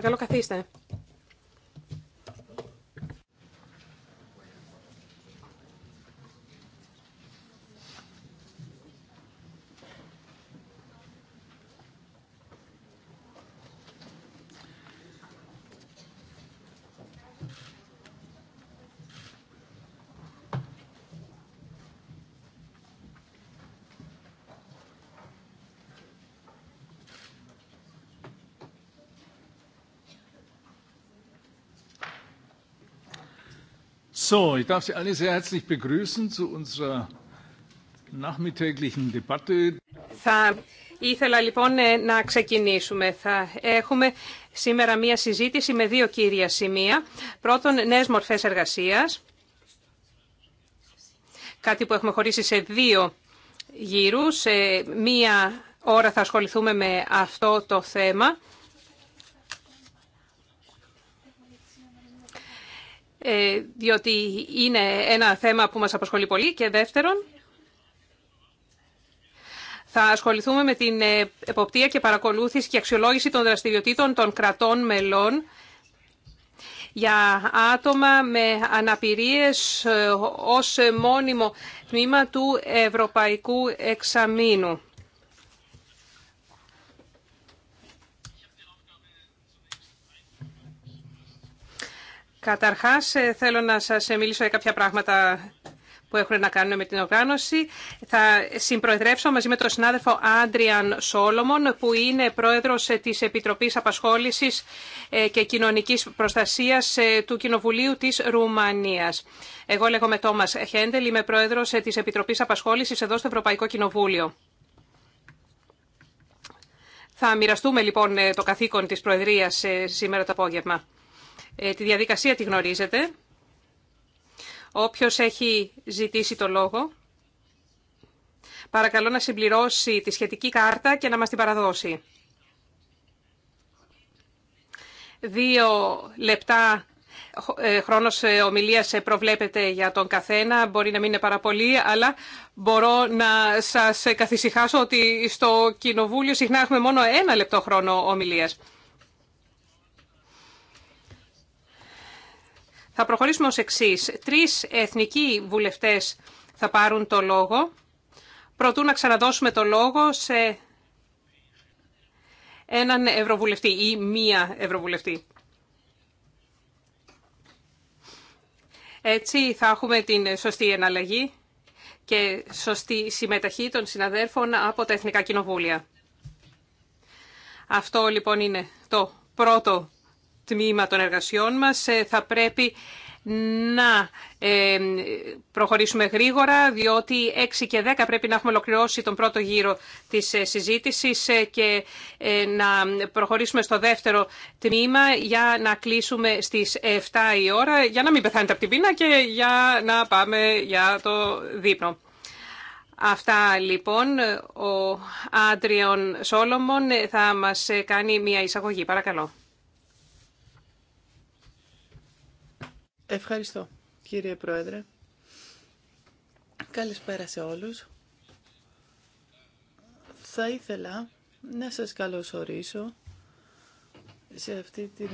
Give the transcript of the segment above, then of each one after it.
Καλό καθίστε. So, ich darf Sie Θα ήθελα λοιπόν ε, να ξεκινήσουμε. Θα έχουμε σήμερα μία συζήτηση με δύο κύρια σημεία. Πρώτον, νέες μορφές εργασίας. Κάτι που έχουμε χωρίσει σε δύο γύρους. Μία ώρα θα ασχοληθούμε με αυτό το θέμα. Ε, διότι είναι ένα θέμα που μας απασχολεί πολύ και δεύτερον, θα ασχοληθούμε με την ε, εποπτεία και παρακολούθηση και αξιολόγηση των δραστηριοτήτων των κρατών μελών για άτομα με αναπηρίες ε, ως μόνιμο τμήμα του Ευρωπαϊκού Εξαμήνου. Καταρχάς, ε, θέλω να σας ε, μιλήσω για κάποια πράγματα που έχουν να κάνουν με την οργάνωση. Θα συμπροεδρεύσω μαζί με τον συνάδελφο Άντριαν Σόλομον, που είναι πρόεδρος ε, της Επιτροπής Απασχόλησης και Κοινωνικής Προστασίας του Κοινοβουλίου της Ρουμανίας. Εγώ λέγομαι Τόμας Χέντελ, είμαι πρόεδρος της Επιτροπής Απασχόλησης εδώ στο Ευρωπαϊκό Κοινοβούλιο. Θα μοιραστούμε λοιπόν το καθήκον της Προεδρίας σήμερα το απόγευμα. Ε, τη διαδικασία τη γνωρίζετε. Όποιος έχει ζητήσει το λόγο, παρακαλώ να συμπληρώσει τη σχετική κάρτα και να μας την παραδώσει. Δύο λεπτά ε, χρόνος ε, ομιλίας προβλέπεται για τον καθένα. Μπορεί να μην είναι πάρα πολύ, αλλά μπορώ να σας καθησυχάσω ότι στο Κοινοβούλιο συχνά έχουμε μόνο ένα λεπτό χρόνο ομιλίας. Θα προχωρήσουμε ως εξής. Τρεις εθνικοί βουλευτές θα πάρουν το λόγο. Προτού να ξαναδώσουμε το λόγο σε έναν ευρωβουλευτή ή μία ευρωβουλευτή. Έτσι θα έχουμε την σωστή εναλλαγή και σωστή συμμεταχή των συναδέρφων από τα Εθνικά Κοινοβούλια. Αυτό λοιπόν είναι το πρώτο τμήμα των εργασιών μας. Ε, θα πρέπει να ε, προχωρήσουμε γρήγορα, διότι 6 και 10 πρέπει να έχουμε ολοκληρώσει τον πρώτο γύρο της ε, συζήτησης και να προχωρήσουμε στο δεύτερο τμήμα για να κλείσουμε στις 7 η ώρα, για να μην πεθάνετε από την πείνα και για να πάμε για το δείπνο. Αυτά λοιπόν, ο Άντριον Σόλομον θα μας κάνει μια εισαγωγή. Παρακαλώ. Ευχαριστώ, κύριε Πρόεδρε. Καλησπέρα σε όλους. Θα ήθελα να σας καλωσορίσω σε αυτή την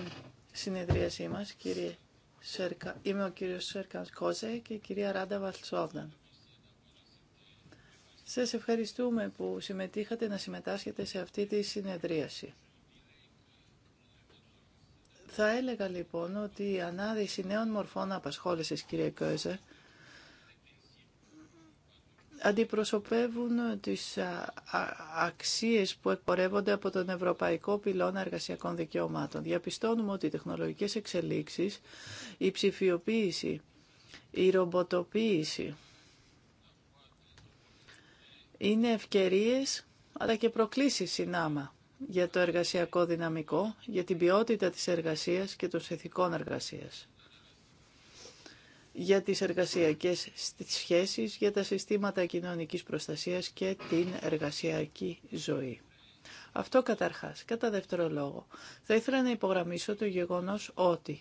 συνεδρίασή μας, κύριε Σέρκα. Είμαι ο κύριος Σέρκας Κόζε και η κυρία Ράντα Βαλτσόβδαν. Σας ευχαριστούμε που συμμετείχατε να συμμετάσχετε σε αυτή τη συνεδρίαση. Θα έλεγα λοιπόν ότι η ανάδυση νέων μορφών απασχόλησης, κύριε Κόζε, αντιπροσωπεύουν τις αξίες που εκπορεύονται από τον Ευρωπαϊκό Πυλώνα Εργασιακών Δικαιωμάτων. Διαπιστώνουμε ότι οι τεχνολογικές εξελίξεις, η ψηφιοποίηση, η ρομποτοποίηση είναι ευκαιρίες αλλά και προκλήσεις συνάμα για το εργασιακό δυναμικό, για την ποιότητα της εργασίας και των συνθηκών εργασίας, για τις εργασιακές σχέσεις, για τα συστήματα κοινωνικής προστασίας και την εργασιακή ζωή. Αυτό καταρχάς. Κατά δεύτερο λόγο, θα ήθελα να υπογραμμίσω το γεγονός ότι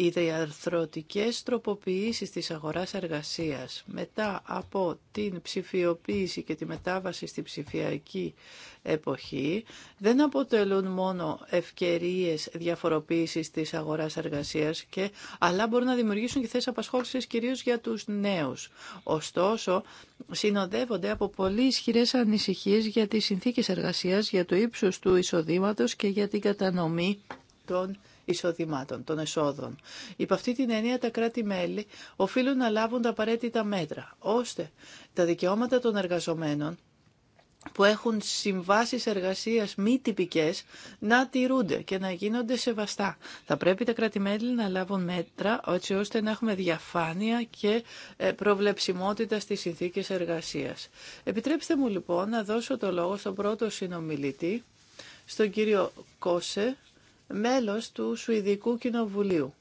οι διαρθρωτικές τροποποιήσεις της αγοράς εργασίας μετά από την ψηφιοποίηση και τη μετάβαση στη ψηφιακή εποχή δεν αποτελούν μόνο ευκαιρίες διαφοροποίησης της αγοράς εργασίας και, αλλά μπορούν να δημιουργήσουν και θέσεις απασχόλησης κυρίως για τους νέους. Ωστόσο, συνοδεύονται από πολύ ισχυρέ ανησυχίες για τις συνθήκες εργασίας, για το ύψος του εισοδήματος και για την κατανομή των εισοδημάτων, των εσόδων. Υπ' αυτή την έννοια τα κράτη-μέλη οφείλουν να λάβουν τα απαραίτητα μέτρα, ώστε τα δικαιώματα των εργαζομένων που έχουν συμβάσεις εργασίας μη τυπικές να τηρούνται και να γίνονται σεβαστά. Θα πρέπει τα κρατημέλη να λάβουν μέτρα έτσι ώστε να έχουμε διαφάνεια και ε, προβλεψιμότητα στις συνθήκες εργασίας. Επιτρέψτε μου λοιπόν να δώσω το λόγο στον πρώτο συνομιλητή, στον κύριο Κόσε, μέλος του Σουηδικού Κοινοβουλίου.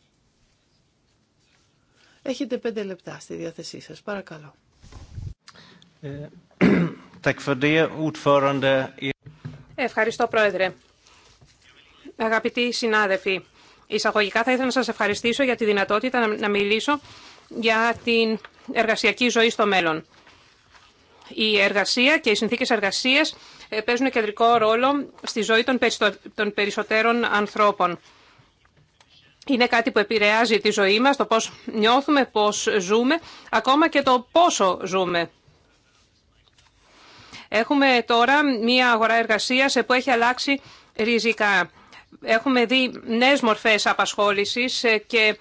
Έχετε πέντε λεπτά στη διάθεσή σας. Παρακαλώ. Ε, Ευχαριστώ, Πρόεδρε. Αγαπητοί συνάδελφοι, εισαγωγικά θα ήθελα να σας ευχαριστήσω για τη δυνατότητα να μιλήσω για την εργασιακή ζωή στο μέλλον. Η εργασία και οι συνθήκες εργασίας ε, παίζουν κεντρικό ρόλο στη ζωή των περισσότερων ανθρώπων. Είναι κάτι που επηρεάζει τη ζωή μας, το πώς νιώθουμε, πώς ζούμε, ακόμα και το πόσο ζούμε. Έχουμε τώρα μία αγορά εργασίας ε, που έχει αλλάξει ριζικά. Έχουμε δει νέες μορφές απασχόλησης ε, και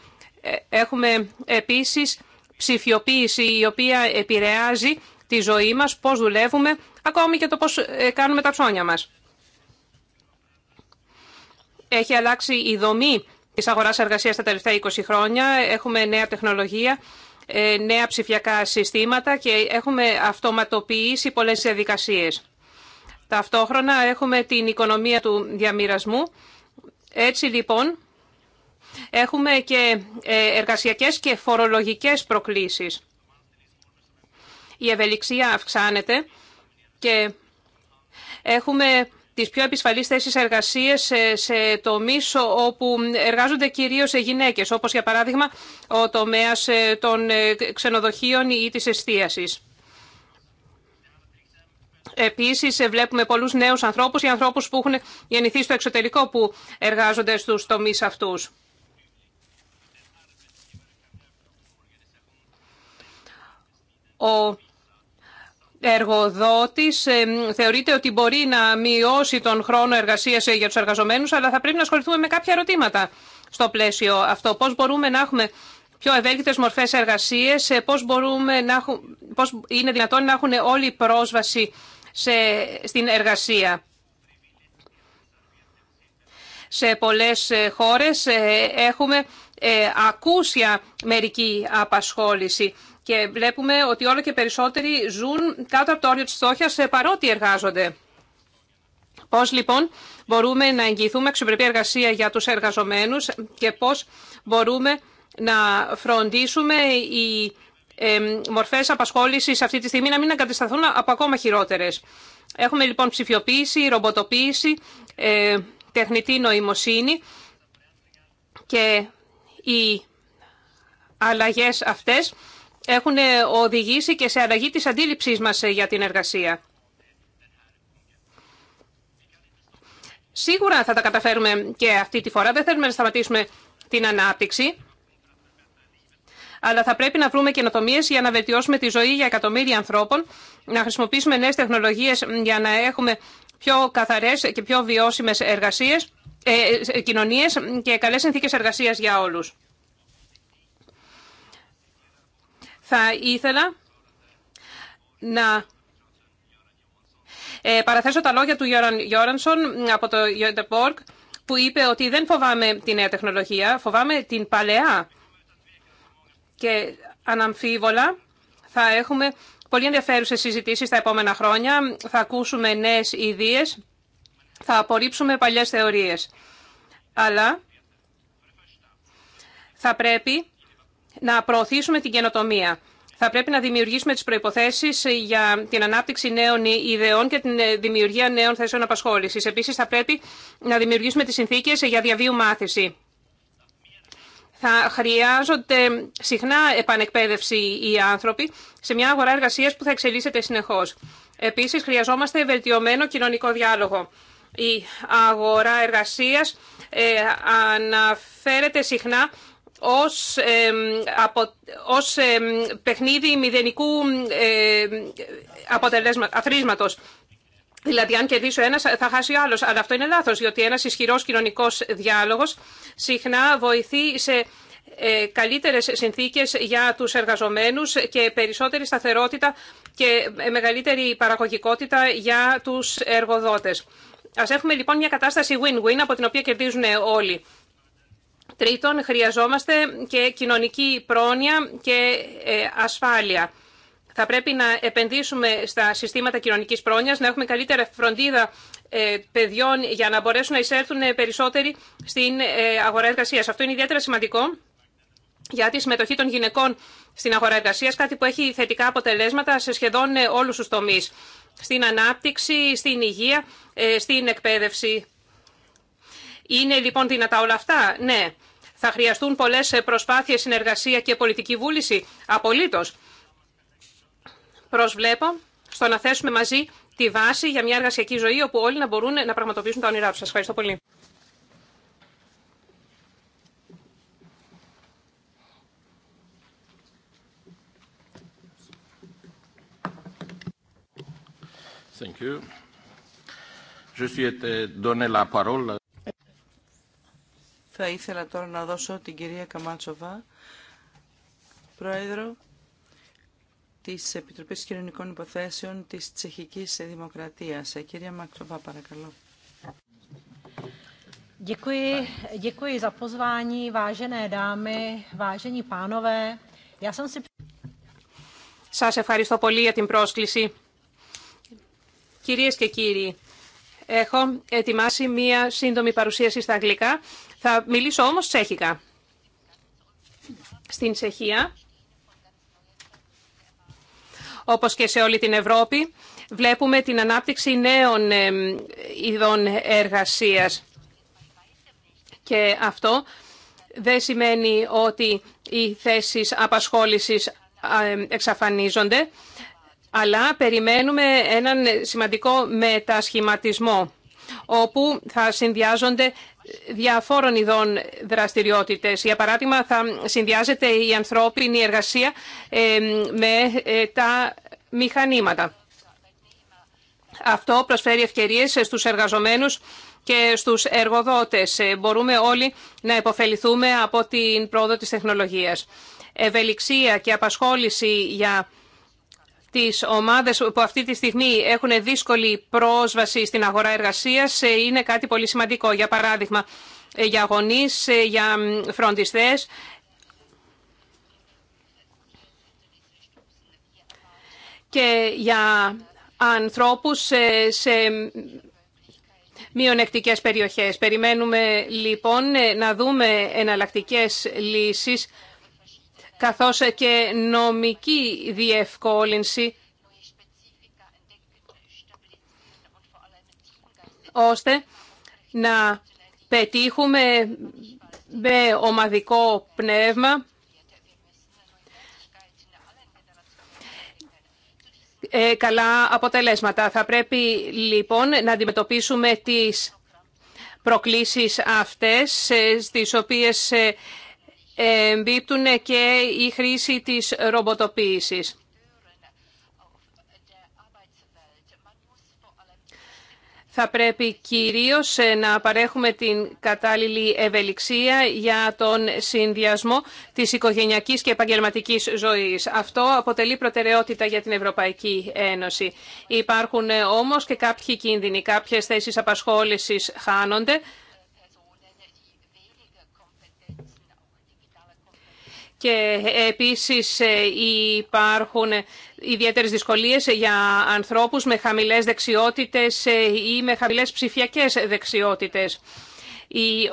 έχουμε επίσης ψηφιοποίηση η οποία επηρεάζει τη ζωή μας, πώς δουλεύουμε, ακόμη και το πώς ε, κάνουμε τα ψώνια μας. Έχει αλλάξει η δομή της αγοράς εργασίας τα τελευταία 20 χρόνια. Έχουμε νέα τεχνολογία, ε, νέα ψηφιακά συστήματα και έχουμε αυτοματοποιήσει πολλές διαδικασίες. Ταυτόχρονα έχουμε την οικονομία του διαμοιρασμού. Έτσι λοιπόν έχουμε και ε, εργασιακές και φορολογικές προκλήσεις η ευελιξία αυξάνεται και έχουμε τις πιο επισφαλείς θέσεις εργασίας σε, σε τομείς όπου εργάζονται κυρίως γυναίκες, όπως για παράδειγμα ο τομέας ε, των ε, ξενοδοχείων ή της εστίασης. Επίσης ε, βλέπουμε πολλούς νέους ανθρώπους ή ανθρώπους που έχουν γεννηθεί στο εξωτερικό που εργάζονται στους τομείς αυτούς. Ο εργοδότης ε, θεωρείται ότι μπορεί να μειώσει τον χρόνο εργασίας ε, για τους εργαζομένους, αλλά θα πρέπει να ασχοληθούμε με κάποια ερωτήματα στο πλαίσιο αυτό. Πώς μπορούμε να έχουμε πιο ευέλικτες μορφές εργασίες, ε, πώς, μπορούμε να πώς είναι δυνατόν να έχουν όλη πρόσβαση σε, στην εργασία. Σε πολλές χώρες έχουμε ακούσια μερική απασχόληση. Και βλέπουμε ότι όλο και περισσότεροι ζουν κάτω από το όριο της φτώχειας ε, παρότι εργάζονται. Πώς λοιπόν μπορούμε να εγγυηθούμε αξιοπρεπή εργασία για τους εργαζομένους και πώς μπορούμε να φροντίσουμε οι ε, μορφές απασχόλησης αυτή τη στιγμή να μην εγκατασταθούν από ακόμα χειρότερες. Έχουμε λοιπόν ψηφιοποίηση, ρομποτοποίηση, ε, τεχνητή νοημοσύνη και οι αλλαγές αυτές έχουν ε, οδηγήσει και σε αλλαγή της αντίληψής μας ε, για την εργασία. Σίγουρα θα τα καταφέρουμε και αυτή τη φορά. Δεν θέλουμε να σταματήσουμε την ανάπτυξη. Αλλά θα πρέπει να βρούμε καινοτομίε για να βελτιώσουμε τη ζωή για εκατομμύρια ανθρώπων, να χρησιμοποιήσουμε νέε τεχνολογίε για να έχουμε πιο καθαρέ και πιο βιώσιμε ε, ε κοινωνίε και καλέ συνθήκε εργασία για όλου. Θα ήθελα να ε, παραθέσω τα λόγια του Γιώραν Γιώρανσον από το Πόρκ που είπε ότι δεν φοβάμαι τη νέα τεχνολογία, φοβάμαι την παλαιά. Και αναμφίβολα θα έχουμε πολύ ενδιαφέρουσες συζητήσεις τα επόμενα χρόνια, θα ακούσουμε νέες ιδίες, θα απορρίψουμε παλιές θεωρίες. Αλλά θα πρέπει να προωθήσουμε την καινοτομία. Θα πρέπει να δημιουργήσουμε τις προϋποθέσεις για την ανάπτυξη νέων ιδεών και την ε, δημιουργία νέων θέσεων απασχόλησης. Επίσης, θα πρέπει να δημιουργήσουμε τις συνθήκες για διαβίου μάθηση. Θα χρειάζονται συχνά επανεκπαίδευση οι άνθρωποι σε μια αγορά εργασίας που θα εξελίσσεται συνεχώ. Επίση, χρειαζόμαστε βελτιωμένο κοινωνικό διάλογο. Η αγορά ε αναφέρεται συχνά ως, ε, ως παιχνίδι μηδενικού ε, αθροίσματος. Δηλαδή, αν κερδίσει ο ένα, θα χάσει ο άλλο. Αλλά αυτό είναι λάθο, γιατί ένα ισχυρό κοινωνικό διάλογο συχνά βοηθεί σε ε, καλύτερε συνθήκε για του εργαζομένου και περισσότερη σταθερότητα και ε, μεγαλύτερη παραγωγικότητα για του εργοδότε. Α έχουμε λοιπόν μια κατάσταση win-win από την οποία κερδίζουν όλοι. Τρίτον, χρειαζόμαστε και κοινωνική πρόνοια και ε, ασφάλεια. Θα πρέπει να επενδύσουμε στα συστήματα κοινωνικής πρόνοιας, να έχουμε καλύτερη φροντίδα ε, παιδιών για να μπορέσουν να εισέλθουν ε, περισσότεροι στην αγορά εργασία. Αυτό είναι ιδιαίτερα σημαντικό για τη συμμετοχή των γυναικών στην αγορά εργασία κάτι που έχει θετικά αποτελέσματα σε σχεδόν όλους τους τομείς. Στην ανάπτυξη, στην υγεία, στην εκπαίδευση. Είναι λοιπόν δυνατά όλα αυτά. Ναι. Θα χρειαστούν πολλές ε, προσπάθειες, συνεργασία και πολιτική βούληση. απολύτω. Προσβλέπω στο να θέσουμε μαζί τη βάση για μια εργασιακή ζωή όπου όλοι να μπορούν να πραγματοποιήσουν τα όνειρά τους. Σας ευχαριστώ πολύ. Thank you. Je suis été euh, donné la parole. Θα ήθελα τώρα να δώσω την κυρία Καμάτσοβα, πρόεδρο της Επιτροπής Κοινωνικών Υποθέσεων της Τσεχικής Δημοκρατίας. Ε, κυρία Μαξοβά, παρακαλώ. Děkuji, Σας ευχαριστώ πολύ για την πρόσκληση. Κυρίες και κύριοι, έχω ετοιμάσει μία σύντομη παρουσίαση στα αγγλικά, θα μιλήσω όμως τσέχικα. Στην Τσεχία, όπως και σε όλη την Ευρώπη, βλέπουμε την ανάπτυξη νέων ειδών εργασίας. Και αυτό δεν σημαίνει ότι οι θέσεις απασχόλησης εξαφανίζονται, αλλά περιμένουμε έναν σημαντικό μετασχηματισμό όπου θα συνδυάζονται διαφόρων ειδών δραστηριότητες. Για παράδειγμα, θα συνδυάζεται η ανθρώπινη εργασία ε, με ε, τα μηχανήματα. Αυτό προσφέρει ευκαιρίες στους εργαζομένους και στους εργοδότες. Ε, μπορούμε όλοι να υποφεληθούμε από την πρόοδο της τεχνολογίας. Ευελιξία και απασχόληση για τις ομάδες που αυτή τη στιγμή έχουν δύσκολη πρόσβαση στην αγορά εργασίας ε, είναι κάτι πολύ σημαντικό. Για παράδειγμα, ε, για γονείς, ε, για φροντιστές, και για ανθρώπους σε, σε μειονεκτικές περιοχές. Περιμένουμε λοιπόν να δούμε εναλλακτικές λύσεις καθώς και νομική διευκόλυνση ώστε να πετύχουμε με ομαδικό πνεύμα ε, καλά αποτελέσματα. Θα πρέπει λοιπόν να αντιμετωπίσουμε τις προκλήσεις αυτές ε, στις οποίες ε, εμπίπτουν και η χρήση της ρομποτοποίησης. Θα πρέπει κυρίως ε, να παρέχουμε την κατάλληλη ευελιξία για τον συνδυασμό της οικογενειακής και επαγγελματικής ζωής. Αυτό αποτελεί προτεραιότητα για την Ευρωπαϊκή Ένωση. Υπάρχουν ε, όμως και κάποιοι κίνδυνοι, κάποιες θέσεις απασχόλησης χάνονται. και ε, επίσης ε, υπάρχουν ιδιαίτερες δυσκολίες για ανθρώπους με χαμηλές δεξιότητες ε, ή με χαμηλές ψηφιακές δεξιότητες. Η,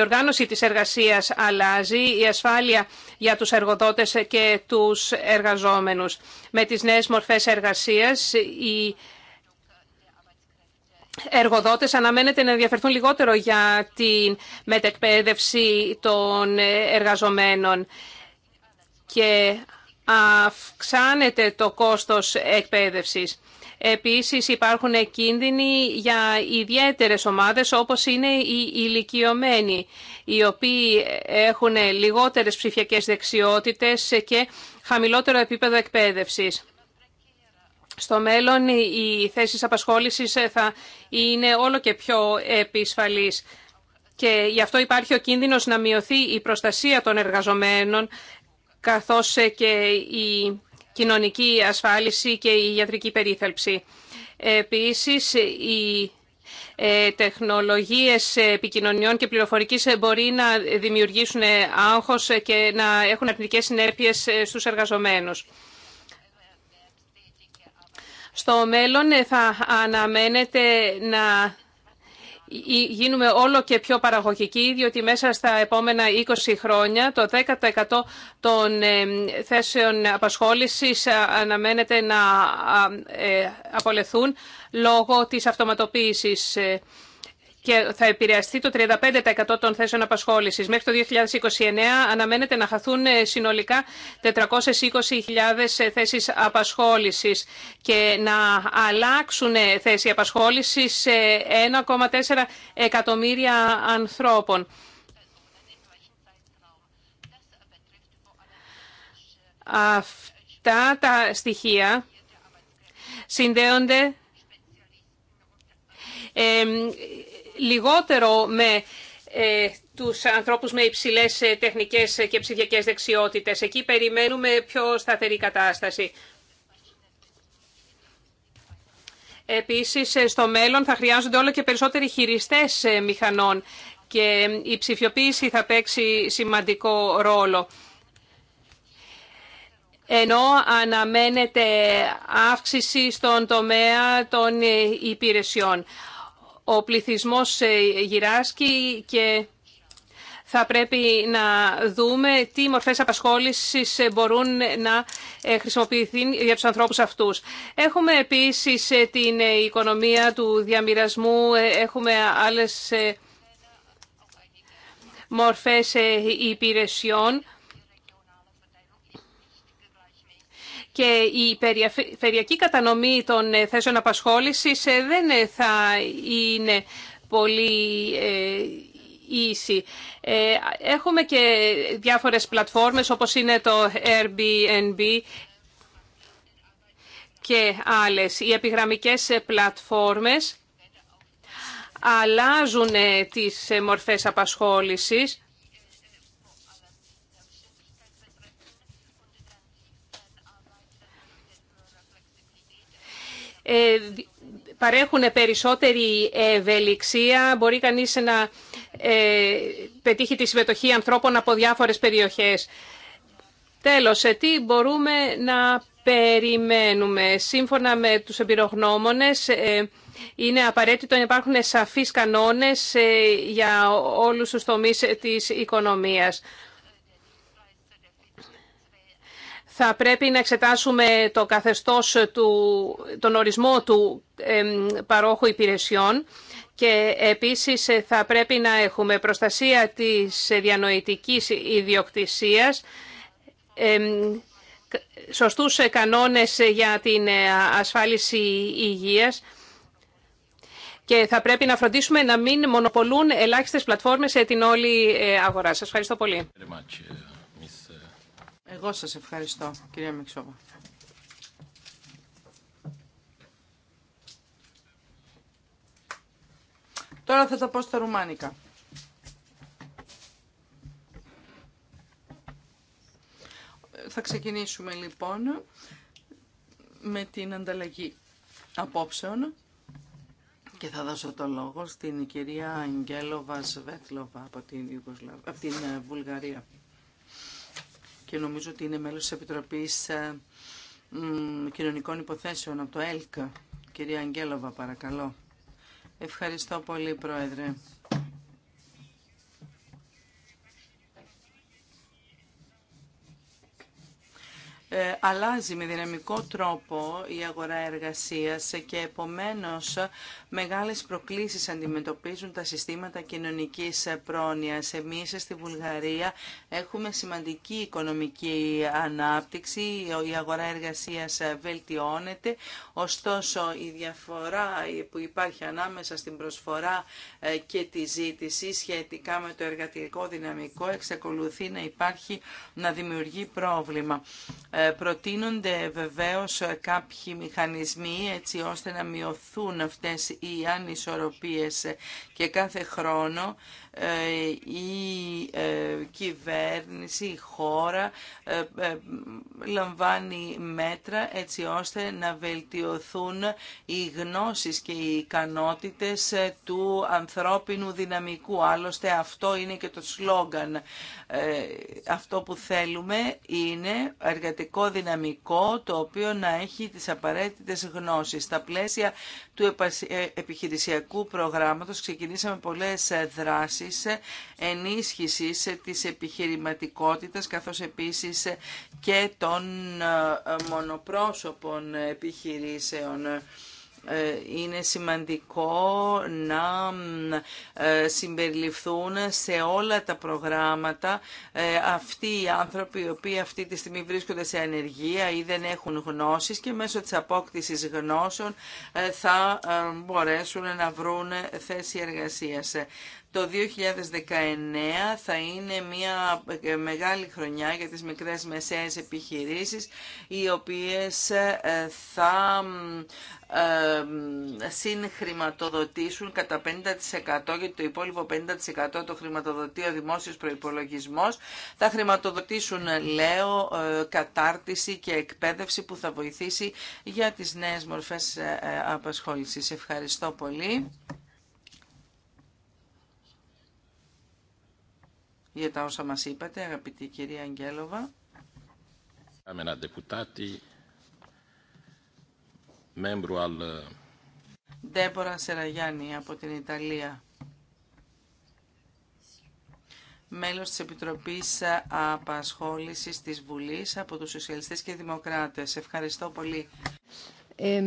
οργάνωση της εργασίας αλλάζει, η ασφάλεια για τους εργοδότες και τους εργαζόμενους. Με τις νέες μορφές εργασίας εργοδότες αναμένεται να ενδιαφερθούν λιγότερο για την μετεκπαίδευση των εργαζομένων και αυξάνεται το κόστος εκπαίδευσης. Επίσης υπάρχουν κίνδυνοι για ιδιαίτερες ομάδες όπως είναι οι ηλικιωμένοι, οι οποίοι έχουν λιγότερες ψηφιακές δεξιότητες και χαμηλότερο επίπεδο εκπαίδευσης στο μέλλον οι θέσεις απασχόλησης ε, θα είναι όλο και πιο επισφαλείς. Και γι' αυτό υπάρχει ο κίνδυνος να μειωθεί η προστασία των εργαζομένων, καθώς ε, και η κοινωνική ασφάλιση και η ιατρική περίθαλψη. Επίσης, οι ε, τεχνολογίες επικοινωνιών και πληροφορικής μπορεί να δημιουργήσουν άγχος και να έχουν αρνητικές συνέπειες στους εργαζομένους. Στο μέλλον ε, θα αναμένεται να γίνουμε όλο και πιο παραγωγικοί, διότι μέσα στα επόμενα 20 χρόνια το 10% των ε, θέσεων απασχόλησης ε, αναμένεται να απολεθούν λόγω της αυτοματοποίησης και θα επηρεαστεί το 35% των θέσεων απασχόλησης. Μέχρι το 2029 αναμένεται να χαθούν ε, συνολικά 420.000 θέσεις απασχόλησης και να αλλάξουν ε, θέση απασχόλησης σε 1,4 εκατομμύρια ανθρώπων. Αυτά τα στοιχεία συνδέονται ε, λιγότερο με ε, τους ανθρώπους με υψηλές ε, τεχνικές ε, και ψηφιακές δεξιότητες. Εκεί περιμένουμε πιο σταθερή κατάσταση. Επίσης, στο μέλλον θα χρειάζονται όλο και περισσότεροι χειριστές μηχανών και η ψηφιοποίηση θα παίξει σημαντικό ρόλο. Ενώ αναμένεται αύξηση στον τομέα των υπηρεσιών ο πληθυσμός ε, γυράσκει και θα πρέπει να δούμε τι μορφές απασχόλησης ε, μπορούν να ε, χρησιμοποιηθούν για τους ανθρώπους αυτούς. Έχουμε επίσης την οικονομία του διαμοιρασμού, έχουμε άλλες μορφές υπηρεσιών και η περιφερειακή κατανομή των ε, θέσεων απασχόλησης ε, δεν ε, θα είναι πολύ ίση. Έχουμε και διάφορες πλατφόρμες όπως είναι το Airbnb και άλλες. Οι επιγραμμικές πλατφόρμες αλλάζουν τις μορφές απασχόλησης Ε, παρέχουν περισσότερη ευελιξία. Μπορεί κανείς να ε, πετύχει τη συμμετοχή ανθρώπων από διάφορες περιοχές. Τέλος, ε, τι μπορούμε να περιμένουμε. Σύμφωνα με τους εμπειρογνώμονες, είναι απαραίτητο να υπάρχουν σαφείς κανόνες για όλους τους τομείς της οικονομίας θα πρέπει να εξετάσουμε το καθεστώς του, τον ορισμό του παρόχου υπηρεσιών και επίσης ε, θα πρέπει να έχουμε προστασία της διανοητικής ιδιοκτησίας, σωστούς κανόνες για την ε, ασφάλιση υγείας και θα πρέπει να φροντίσουμε να μην μονοπολούν ελάχιστες πλατφόρμες σε την όλη ε, αγορά. Σας ευχαριστώ πολύ. Εγώ σας ευχαριστώ, κυρία Μεξόβα. Τώρα θα τα πω στα ρουμάνικα. Θα ξεκινήσουμε λοιπόν με την ανταλλαγή απόψεων και θα δώσω το λόγο στην κυρία Αγγέλοβα Σβέτλοβα από την, ε, Βουλγαρία και νομίζω ότι είναι μέλος της Επιτροπής ε, Κοινωνικών Υποθέσεων από το ΕΛΚ. Κυρία Αγγέλοβα, παρακαλώ. Ευχαριστώ πολύ, Πρόεδρε. Ε, αλλάζει με δυναμικό τρόπο η αγορά εργασίας και επομένως μεγάλες προκλήσεις αντιμετωπίζουν τα συστήματα κοινωνικής πρόνοιας. Εμείς στη Βουλγαρία έχουμε σημαντική οικονομική ανάπτυξη, η αγορά εργασίας βελτιώνεται, ωστόσο η διαφορά που υπάρχει ανάμεσα στην προσφορά ε, και τη ζήτηση σχετικά με το εργατικό δυναμικό εξακολουθεί να υπάρχει, να δημιουργεί πρόβλημα. Ε, προτείνονται βεβαίως κάποιοι μηχανισμοί έτσι ώστε να μειωθούν αυτές οι ανισορροπίες και κάθε χρόνο ε, η ε, κυβέρνηση, η χώρα ε, λαμβάνει μέτρα έτσι ώστε να βελτιωθούν οι γνώσεις και οι ικανότητες του ανθρώπινου δυναμικού. Άλλωστε αυτό είναι και το σλόγγαν. Αυτό που θέλουμε είναι εργατικό δυναμικό το οποίο να έχει τις απαραίτητες γνώσεις. Στα πλαίσια του ε, επιχειρησιακού προγράμματος ξεκινήσαμε πολλές ε, δράσεις ε, ενίσχυσης της επιχειρηματικότητας καθώς επίσης και των μονοπρόσωπων επιχειρήσεων. Ε, είναι σημαντικό να ε, συμπεριληφθούν σε όλα τα προγράμματα ε, αυτοί οι άνθρωποι οι οποίοι αυτή τη στιγμή βρίσκονται σε ανεργία ή δεν έχουν γνώσεις και μέσω της απόκτησης γνώσεων θα μπορέσουν να βρουν θέση εργασίας. Το 2019 θα είναι μια μεγάλη χρονιά για τις μικρές μεσαίες επιχειρήσεις, οι οποίες ε, θα ε, συγχρηματοδοτήσουν κατά 50% γιατί το υπόλοιπο 50% το χρηματοδοτεί ο δημόσιος προϋπολογισμός. Θα χρηματοδοτήσουν, λέω, ε, κατάρτιση και εκπαίδευση που θα βοηθήσει για τις νέες μορφές απασχόλησης. Ευχαριστώ πολύ. για τα όσα μας είπατε, αγαπητή κυρία Αγγέλοβα. Ντέμπορα Σεραγιάννη από την Ιταλία. Μέλος της Επιτροπής Απασχόλησης της Βουλής από τους Σοσιαλιστές και Δημοκράτες. Ευχαριστώ πολύ. Ε,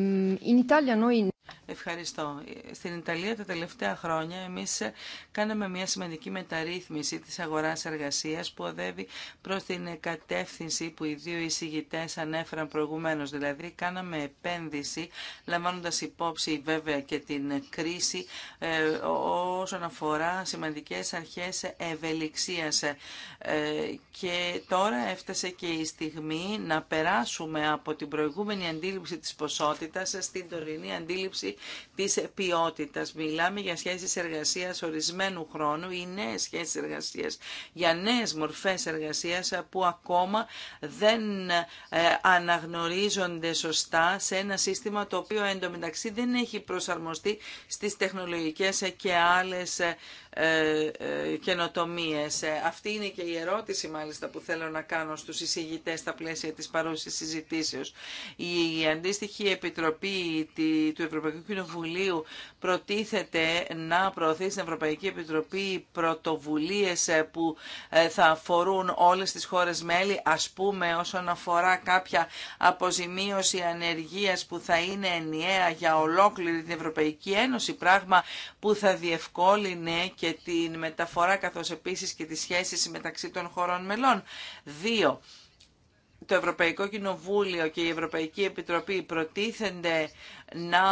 in Italia, Ευχαριστώ. Στην Ιταλία τα τελευταία χρόνια εμείς ε, κάναμε μια σημαντική μεταρρύθμιση της αγοράς εργασίας που οδεύει προς την κατεύθυνση που οι δύο εισηγητέ ανέφεραν προηγουμένως. Δηλαδή κάναμε επένδυση λαμβάνοντας υπόψη βέβαια και την κρίση ε, όσον αφορά σημαντικές αρχές ευελιξίας. Ε, και τώρα έφτασε και η στιγμή να περάσουμε από την προηγούμενη αντίληψη της ποσότητας στην τωρινή αντίληψη Τη ποιότητα. Μιλάμε για σχέσει εργασία ορισμένου χρόνου ή νέε σχέσει εργασία, για νέε μορφές εργασίας που ακόμα δεν ε, αναγνωρίζονται σωστά σε ένα σύστημα το οποίο εντωμεταξύ δεν έχει προσαρμοστεί στις τεχνολογικές και άλλες ε, ε, ε, καινοτομίες. Ε, αυτή είναι και η ερώτηση μάλιστα που θέλω να κάνω στους εισηγητές στα πλαίσια της παρούσης συζητήσεως. Η αντίστοιχη Επιτροπή του Ευρωπαϊκού Κοινοβουλίου προτίθεται να προωθεί στην Ευρωπαϊκή Επιτροπή πρωτοβουλίες που θα αφορούν όλες τις χώρες μέλη, ας πούμε όσον αφορά κάποια αποζημίωση ανεργίας που θα είναι ενιαία για ολόκληρη την Ευρωπαϊκή Ένωση, πράγμα που θα διευκόλυνε και την μεταφορά καθώς επίσης και τις σχέσεις μεταξύ των χωρών μελών. Δύο, το Ευρωπαϊκό Κοινοβούλιο και η Ευρωπαϊκή Επιτροπή προτίθενται να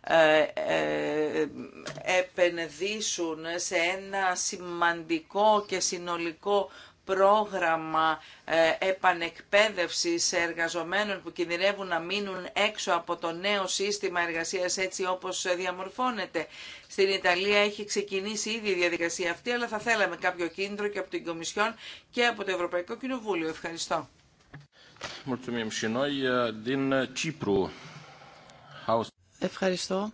ε, ε, επενδύσουν σε ένα σημαντικό και συνολικό πρόγραμμα ε, επανεκπαίδευσης εργαζομένων που κινδυνεύουν να μείνουν έξω από το νέο σύστημα εργασίας έτσι όπως διαμορφώνεται. Στην Ιταλία έχει ξεκινήσει ήδη η διαδικασία αυτή, αλλά θα θέλαμε κάποιο κίνητρο και από την Κομισιόν και από το Ευρωπαϊκό Κοινοβούλιο. Ευχαριστώ. Ε, Ευχαριστώ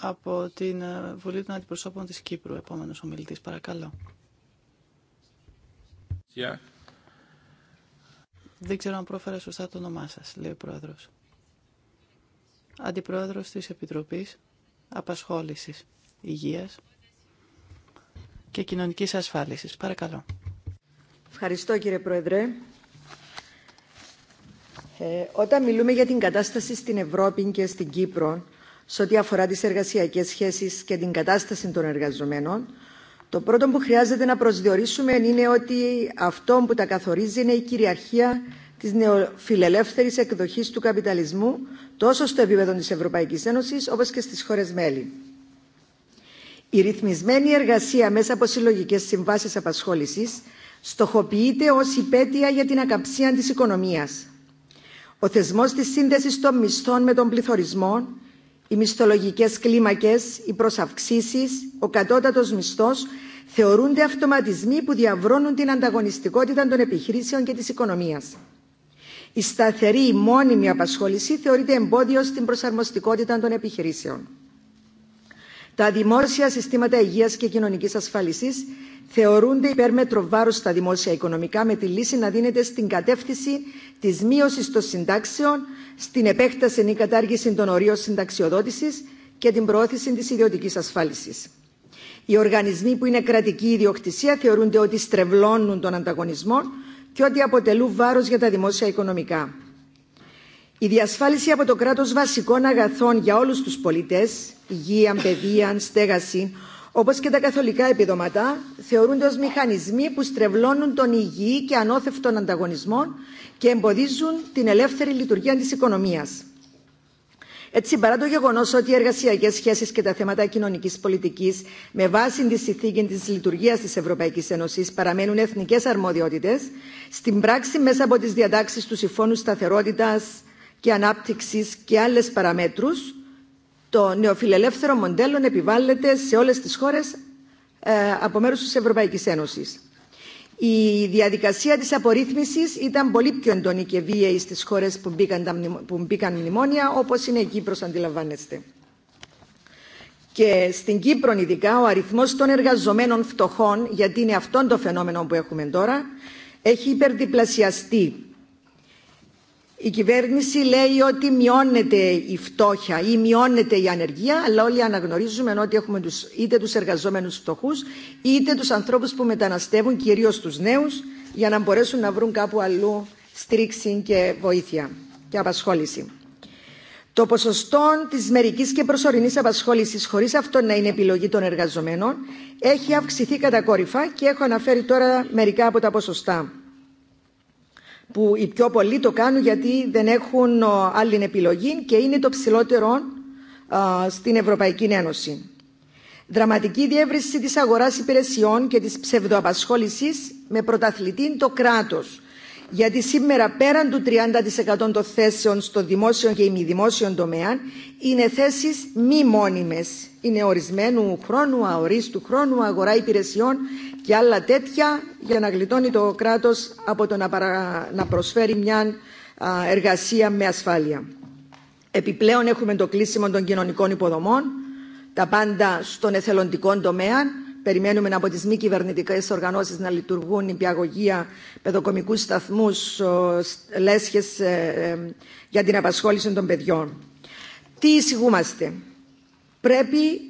από την ε, Βουλή των Αντιπροσώπων της Κύπρου. Επόμενος ομιλητής, παρακαλώ. Δεν ξέρω αν πρόφερα σωστά το όνομά σα, λέει ο Πρόεδρος. Αντιπρόεδρος της Επιτροπής Απασχόλησης Υγείας και Κοινωνικής Ασφάλισης. Παρακαλώ. Ευχαριστώ κύριε Πρόεδρε. Ε, όταν μιλούμε για την κατάσταση στην Ευρώπη και στην Κύπρο σε ό,τι αφορά τις εργασιακές σχέσεις και την κατάσταση των εργαζομένων, το πρώτο που χρειάζεται να προσδιορίσουμε είναι ότι αυτό που τα καθορίζει είναι η κυριαρχία της νεοφιλελεύθερης εκδοχής του καπιταλισμού τόσο στο επίπεδο της Ευρωπαϊκής Ένωσης όπως και στις χώρες μέλη. Η ρυθμισμένη εργασία μέσα από συλλογικέ συμβάσεις απασχόλησης στοχοποιείται ως υπέτεια για την ακαψία της οικονομίας. Ο θεσμός της σύνδεσης των μισθών με τον πληθωρισμό οι μισθολογικές κλίμακες, οι προσαυξήσεις, ο κατώτατος μισθός θεωρούνται αυτοματισμοί που διαβρώνουν την ανταγωνιστικότητα των επιχειρήσεων και της οικονομίας. Η σταθερή η μόνιμη απασχόληση θεωρείται εμπόδιο στην προσαρμοστικότητα των επιχειρήσεων. Τα δημόσια συστήματα υγείας και κοινωνικής ασφάλισης θεωρούνται υπέρμετρο βάρο στα δημόσια οικονομικά με τη λύση να δίνεται στην κατεύθυνση της μείωσης των συντάξεων, στην επέκταση ή κατάργηση των ορίων συνταξιοδότησης και την προώθηση της ιδιωτικής ασφάλισης. Οι οργανισμοί που είναι κρατική ιδιοκτησία θεωρούνται ότι στρεβλώνουν τον ανταγωνισμό και ότι αποτελούν βάρος για τα δημόσια οικονομικά. Η διασφάλιση από το κράτος βασικών αγαθών για όλους τους πολίτες, υγεία, παιδεία, στέγαση, όπως και τα καθολικά επιδοματά, θεωρούνται ως μηχανισμοί που στρεβλώνουν τον υγιή και ανώθευτον ανταγωνισμό και εμποδίζουν την ελεύθερη λειτουργία της οικονομίας. Έτσι, παρά το γεγονό ότι οι εργασιακέ σχέσει και τα θέματα κοινωνική πολιτική με βάση τη συνθήκη τη λειτουργία τη Ευρωπαϊκή Ένωση παραμένουν εθνικέ αρμοδιότητε, στην πράξη μέσα από τι διατάξει του Συμφώνου Σταθερότητα και Ανάπτυξη και άλλε παραμέτρου, το νεοφιλελεύθερο μοντέλο επιβάλλεται σε όλες τις χώρες ε, από μέρους της Ευρωπαϊκής Ένωσης. Η διαδικασία της απορρίθμισης ήταν πολύ πιο εντονή και βίαιη στις χώρες που μπήκαν, τα που μπήκαν μνημόνια, όπως είναι η Κύπρος, αντιλαμβάνεστε. Και στην Κύπρο ειδικά ο αριθμός των εργαζομένων φτωχών, γιατί είναι αυτό το φαινόμενο που έχουμε τώρα, έχει υπερδιπλασιαστεί η κυβέρνηση λέει ότι μειώνεται η φτώχεια ή μειώνεται η ανεργία, αλλά όλοι αναγνωρίζουμε ότι έχουμε τους, είτε τους εργαζόμενους φτωχούς, είτε τους ανθρώπους που μεταναστεύουν, κυρίως τους νέους, για να μπορέσουν να βρουν κάπου αλλού στρίξη και βοήθεια και απασχόληση. Το ποσοστό της μερικής και προσωρινής απασχόλησης, χωρίς αυτό να είναι επιλογή των εργαζομένων, έχει αυξηθεί κατακόρυφα και έχω αναφέρει τώρα μερικά από τα ποσοστά που οι πιο πολλοί το κάνουν γιατί δεν έχουν άλλη επιλογή και είναι το ψηλότερο στην Ευρωπαϊκή Ένωση. Δραματική διεύρυνση της αγοράς υπηρεσιών και της ψευδοαπασχόλησης με πρωταθλητή το κράτος. Γιατί σήμερα πέραν του 30% των θέσεων στο δημόσιο και ημιδημόσιο τομέα είναι θέσεις μη μόνιμες. Είναι ορισμένου χρόνου, αορίστου χρόνου, αγορά υπηρεσιών και άλλα τέτοια για να γλιτώνει το κράτος από το να, προσφέρει μια εργασία με ασφάλεια. Επιπλέον έχουμε το κλείσιμο των κοινωνικών υποδομών, τα πάντα στον εθελοντικό τομέα. Περιμένουμε από τις μη κυβερνητικέ οργανώσεις να λειτουργούν υπηαγωγεία, παιδοκομικούς σταθμούς, λέσχες ε, ε, για την απασχόληση των παιδιών. Τι εισηγούμαστε. Πρέπει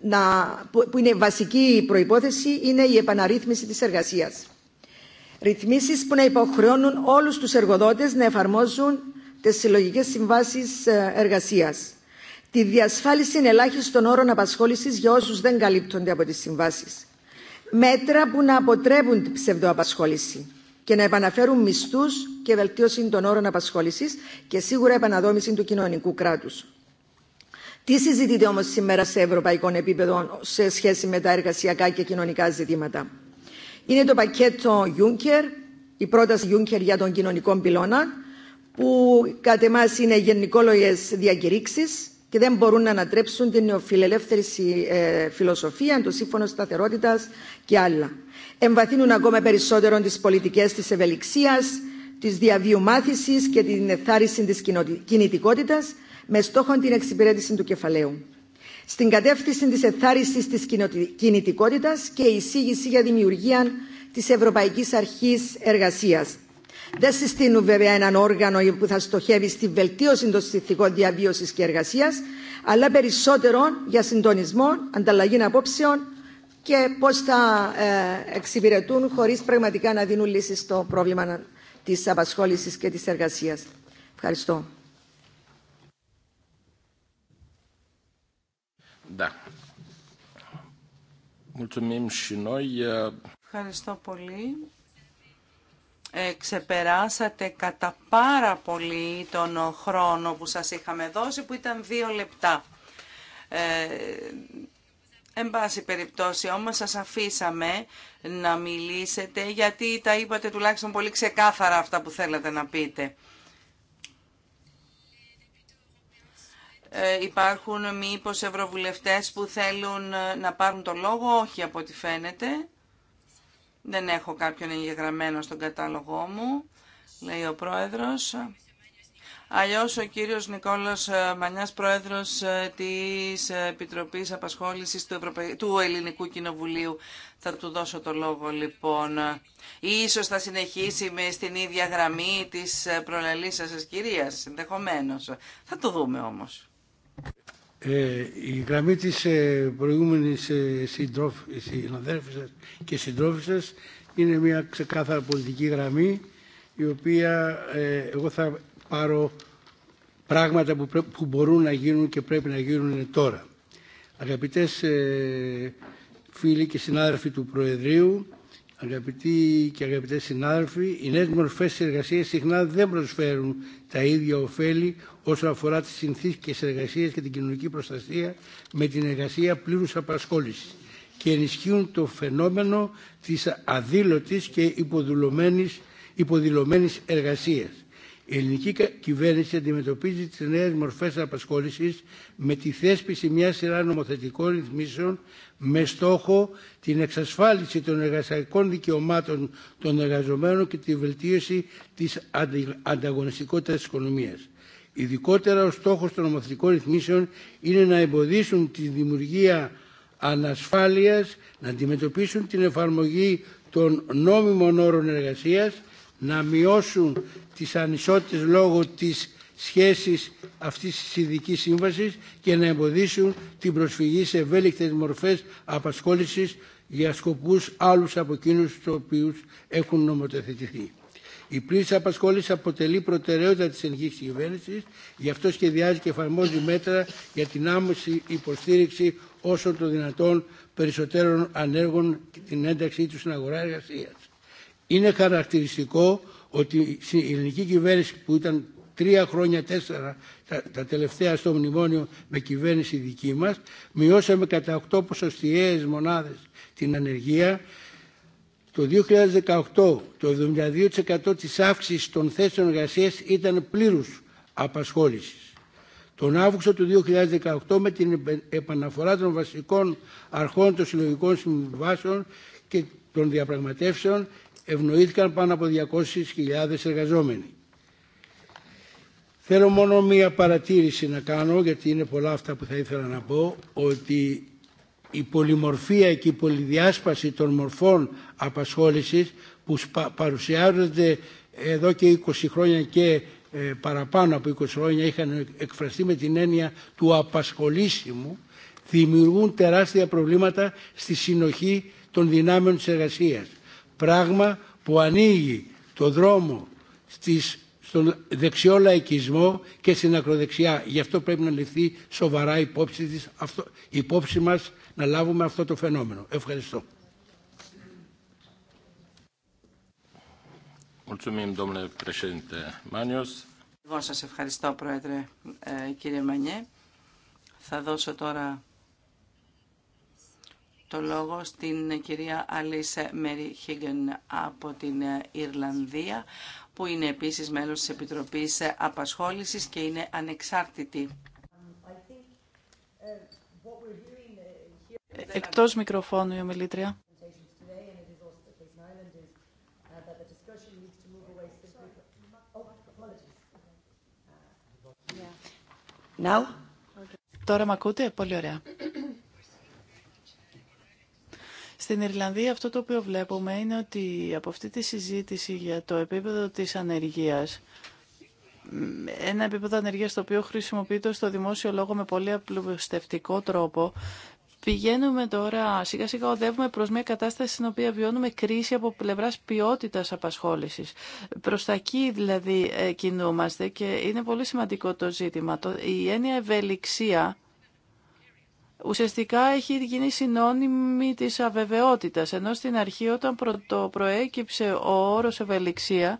να, που είναι βασική προϋπόθεση είναι η επαναρρύθμιση της εργασίας. Ρυθμίσεις που να υποχρεώνουν όλους τους εργοδότες να εφαρμόζουν τις συλλογικές συμβάσεις ε, εργασίας. Τη διασφάλιση ελάχιστων όρων απασχόλησης για όσους δεν καλύπτονται από τις συμβάσεις. Μέτρα που να αποτρέπουν την ψευδοαπασχόληση και να επαναφέρουν μισθούς και βελτίωση των όρων απασχόλησης και σίγουρα επαναδόμηση του κοινωνικού κράτους. Τι συζητείτε όμως σήμερα σε ευρωπαϊκό επίπεδο σε σχέση με τα εργασιακά και κοινωνικά ζητήματα. Είναι το πακέτο Juncker, η πρόταση Juncker για τον κοινωνικό πυλώνα, που κατά εμά είναι γενικόλογες διακηρύξεις και δεν μπορούν να ανατρέψουν την νεοφιλελεύθερη ε, φιλοσοφία, το σύμφωνο σταθερότητα και άλλα. Εμβαθύνουν ακόμα περισσότερο τι πολιτικέ τη ευελιξία, τη διαβίου μάθηση και την εθάριση τη κινητικότητα, με στόχο την εξυπηρέτηση του κεφαλαίου στην κατεύθυνση της εθάρρυνσης της κινητικότητας και η εισήγηση για δημιουργία της Ευρωπαϊκής Αρχής Εργασίας. Δεν συστήνουν βέβαια έναν όργανο που θα στοχεύει στη βελτίωση των συνθηκών διαβίωση και εργασία, αλλά περισσότερο για συντονισμό, ανταλλαγή απόψεων και πώ θα ε, εξυπηρετούν χωρί πραγματικά να δίνουν λύσει στο πρόβλημα τη απασχόληση και τη εργασία. Ευχαριστώ. Ευχαριστώ πολύ. Ε, ξεπεράσατε κατά πάρα πολύ τον χρόνο που σας είχαμε δώσει, που ήταν δύο λεπτά. Ε, Εν πάση περιπτώσει όμως σας αφήσαμε να μιλήσετε γιατί τα είπατε τουλάχιστον πολύ ξεκάθαρα αυτά που θέλατε να πείτε. Ε, υπάρχουν μήπως ευρωβουλευτές που θέλουν ε, να πάρουν το λόγο, όχι από ό,τι φαίνεται. Δεν έχω κάποιον εγγεγραμμένο στον κατάλογό μου, λέει ο πρόεδρος. Αλλιώς ο κύριος Νικόλος ε, Μανιάς, πρόεδρος της Επιτροπής Απασχόλησης του, του Ελληνικού Κοινοβουλίου. Θα του δώσω το λόγο λοιπόν. Ίσως θα συνεχίσει με στην ίδια γραμμή της προλαλής σας κυρίας, Ενδεχομένω. Θα το δούμε όμως. Ε, η γραμμή της ε, προηγούμενης ε, συναδέρφης και συντρόφισσας είναι μια ξεκάθαρα πολιτική γραμμή η οποία ε, εγώ θα πάρω πράγματα που, μπορούν να γίνουν και πρέπει να γίνουν τώρα. Αγαπητές ε, φίλοι και συνάδελφοι του Προεδρείου, Αγαπητοί και αγαπητές συνάδελφοι, οι νέες μορφές εργασίας συχνά δεν προσφέρουν τα ίδια ωφέλη όσο αφορά τις συνθήκες εργασίας και την κοινωνική προστασία με την εργασία πλήρους απασχόλησης και ενισχύουν το φαινόμενο της αδήλωτης και υποδηλωμένης, υποδηλωμένης εργασίας. Η ελληνική κυβέρνηση αντιμετωπίζει τις νέες μορφές απασχόλησης με τη θέσπιση μια σειρά νομοθετικών ρυθμίσεων με στόχο την εξασφάλιση των εργασιακών δικαιωμάτων των εργαζομένων και τη βελτίωση της ανταγωνιστικότητας της οικονομίας. Ειδικότερα ο στόχος των νομοθετικών ρυθμίσεων είναι να εμποδίσουν τη δημιουργία ανασφάλειας, να αντιμετωπίσουν την εφαρμογή των νόμιμων όρων εργασίας, να μειώσουν τις ανισότητες λόγω της σχέσης αυτής της ειδική σύμβασης και να εμποδίσουν την προσφυγή σε ευέλικτες μορφές απασχόλησης για σκοπούς άλλους από εκείνους του οποίου έχουν νομοθετηθεί. Η πλήρη απασχόληση αποτελεί προτεραιότητα τη ελληνική κυβέρνηση, γι' αυτό σχεδιάζει και εφαρμόζει μέτρα για την άμεση υποστήριξη όσων των δυνατών περισσότερων ανέργων και την ένταξή του στην αγορά εργασία. Είναι χαρακτηριστικό ότι η ελληνική κυβέρνηση που ήταν τρία χρόνια, τέσσερα τα, τελευταία στο μνημόνιο με κυβέρνηση δική μας, μειώσαμε κατά 8 ποσοστιαίες μονάδες την ανεργία. Το 2018 το 72% της αύξησης των θέσεων εργασίας ήταν πλήρους απασχόλησης. Τον Αύγουστο του 2018 με την επαναφορά των βασικών αρχών των συλλογικών συμβάσεων και των διαπραγματεύσεων ευνοήθηκαν πάνω από 200.000 εργαζόμενοι. Θέλω μόνο μία παρατήρηση να κάνω, γιατί είναι πολλά αυτά που θα ήθελα να πω, ότι η πολυμορφία και η πολυδιάσπαση των μορφών απασχόλησης που παρουσιάζονται εδώ και 20 χρόνια και ε, παραπάνω από 20 χρόνια είχαν εκφραστεί με την έννοια του απασχολήσιμου δημιουργούν τεράστια προβλήματα στη συνοχή των δυνάμεων της εργασίας πράγμα που ανοίγει το δρόμο στις, στον δεξιό λαϊκισμό και στην ακροδεξιά. Γι' αυτό πρέπει να ληφθεί σοβαρά υπόψη, της, αυτό, υπόψη μας να λάβουμε αυτό το φαινόμενο. Ευχαριστώ. Εγώ λοιπόν, σας ευχαριστώ, Πρόεδρε, ε, κύριε Μανιέ. Θα δώσω τώρα το λόγο στην κυρία Alice Μέρι Χίγκεν από την Ιρλανδία, που είναι επίσης μέλος της Επιτροπής Απασχόλησης και είναι ανεξάρτητη. Εκτός μικροφώνου η ομιλήτρια. Τώρα με ακούτε, πολύ ωραία. Στην Ιρλανδία αυτό το οποίο βλέπουμε είναι ότι από αυτή τη συζήτηση για το επίπεδο της ανεργίας ένα επίπεδο ανεργίας το οποίο χρησιμοποιείται στο δημόσιο λόγο με πολύ απλουστευτικό τρόπο Πηγαίνουμε τώρα, σιγά σιγά οδεύουμε προς μια κατάσταση στην οποία βιώνουμε κρίση από πλευράς ποιότητας απασχόλησης. Προς τα εκεί δηλαδή ε, κινούμαστε και είναι πολύ σημαντικό το ζήτημα. Η έννοια ευελιξία ουσιαστικά έχει γίνει συνώνυμη της αβεβαιότητας, ενώ στην αρχή όταν το προέκυψε ο όρος ευελιξία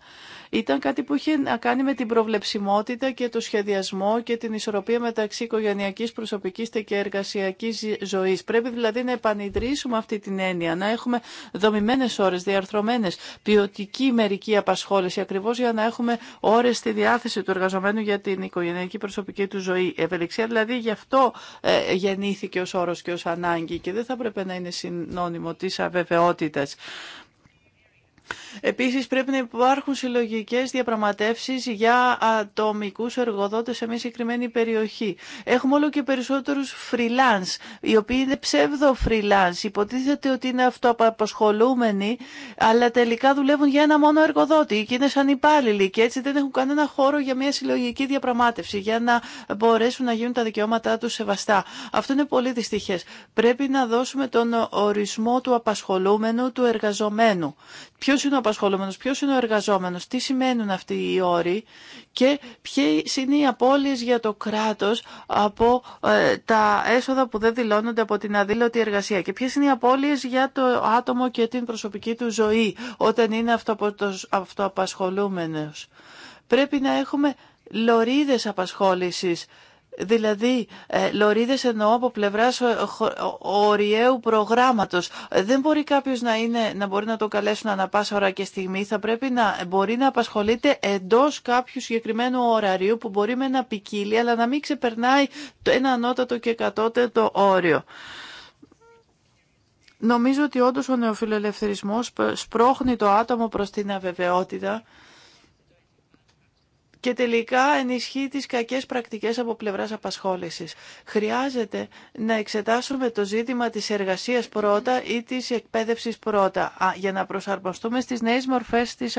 ήταν κάτι που είχε να κάνει με την προβλεψιμότητα και το σχεδιασμό και την ισορροπία μεταξύ οικογενειακής, προσωπικής και εργασιακής ζωής. Πρέπει δηλαδή να επανειδρύσουμε αυτή την έννοια, να έχουμε δομημένες ώρες, διαρθρωμένες, ποιοτική μερική απασχόληση, ακριβώς για να έχουμε ώρες στη διάθεση του εργαζομένου για την οικογενειακή προσωπική του ζωή. ευελιξία δηλαδή γι' αυτό ε, γεννήθηκε και ως όρος και ως ανάγκη και δεν θα πρέπει να είναι συνώνυμο της αβεβαιότητας. Επίσης πρέπει να υπάρχουν συλλογικές διαπραγματεύσεις για ατομικούς εργοδότες σε μια συγκεκριμένη περιοχή. Έχουμε όλο και περισσότερους freelance, οι οποίοι είναι ψεύδο freelance. Υποτίθεται ότι είναι αυτοαπασχολούμενοι, αλλά τελικά δουλεύουν για ένα μόνο εργοδότη και είναι σαν υπάλληλοι και έτσι δεν έχουν κανένα χώρο για μια συλλογική διαπραγμάτευση, για να μπορέσουν να γίνουν τα δικαιώματά τους σεβαστά. Αυτό είναι πολύ δυστυχέ. Πρέπει να δώσουμε τον ορισμό του απασχολούμενου, του εργαζομένου. Ποιο είναι ο απασχολούμενος, ποιος είναι ο εργαζόμενος, τι σημαίνουν αυτοί οι όροι και ποιε είναι οι απώλειες για το κράτος από ε, τα έσοδα που δεν δηλώνονται από την αδήλωτη εργασία και ποιε είναι οι απώλειες για το άτομο και την προσωπική του ζωή όταν είναι αυτοαπασχολούμενο. Πρέπει να έχουμε λωρίδε απασχόλησης Δηλαδή, ε, λωρίδες εννοώ από πλευράς ε, οριαίου προγράμματος. Ε, δεν μπορεί κάποιος να, να μπορεί να το καλέσουν ανα πάσα ώρα και στιγμή. Θα πρέπει να μπορεί να απασχολείται εντός κάποιου συγκεκριμένου ωραρίου που μπορεί με ένα ποικίλει, αλλά να μην ξεπερνάει το ένα ανώτατο και κατώτατο όριο. Νομίζω ότι όντως ο νεοφιλελευθερισμός σπρώχνει το άτομο προς την αβεβαιότητα και τελικά ενισχύει τις κακές πρακτικές από πλευράς απασχόλησης. Χρειάζεται να εξετάσουμε το ζήτημα της εργασίας πρώτα ή της εκπαίδευσης πρώτα. για να προσαρμοστούμε στις νέες μορφές της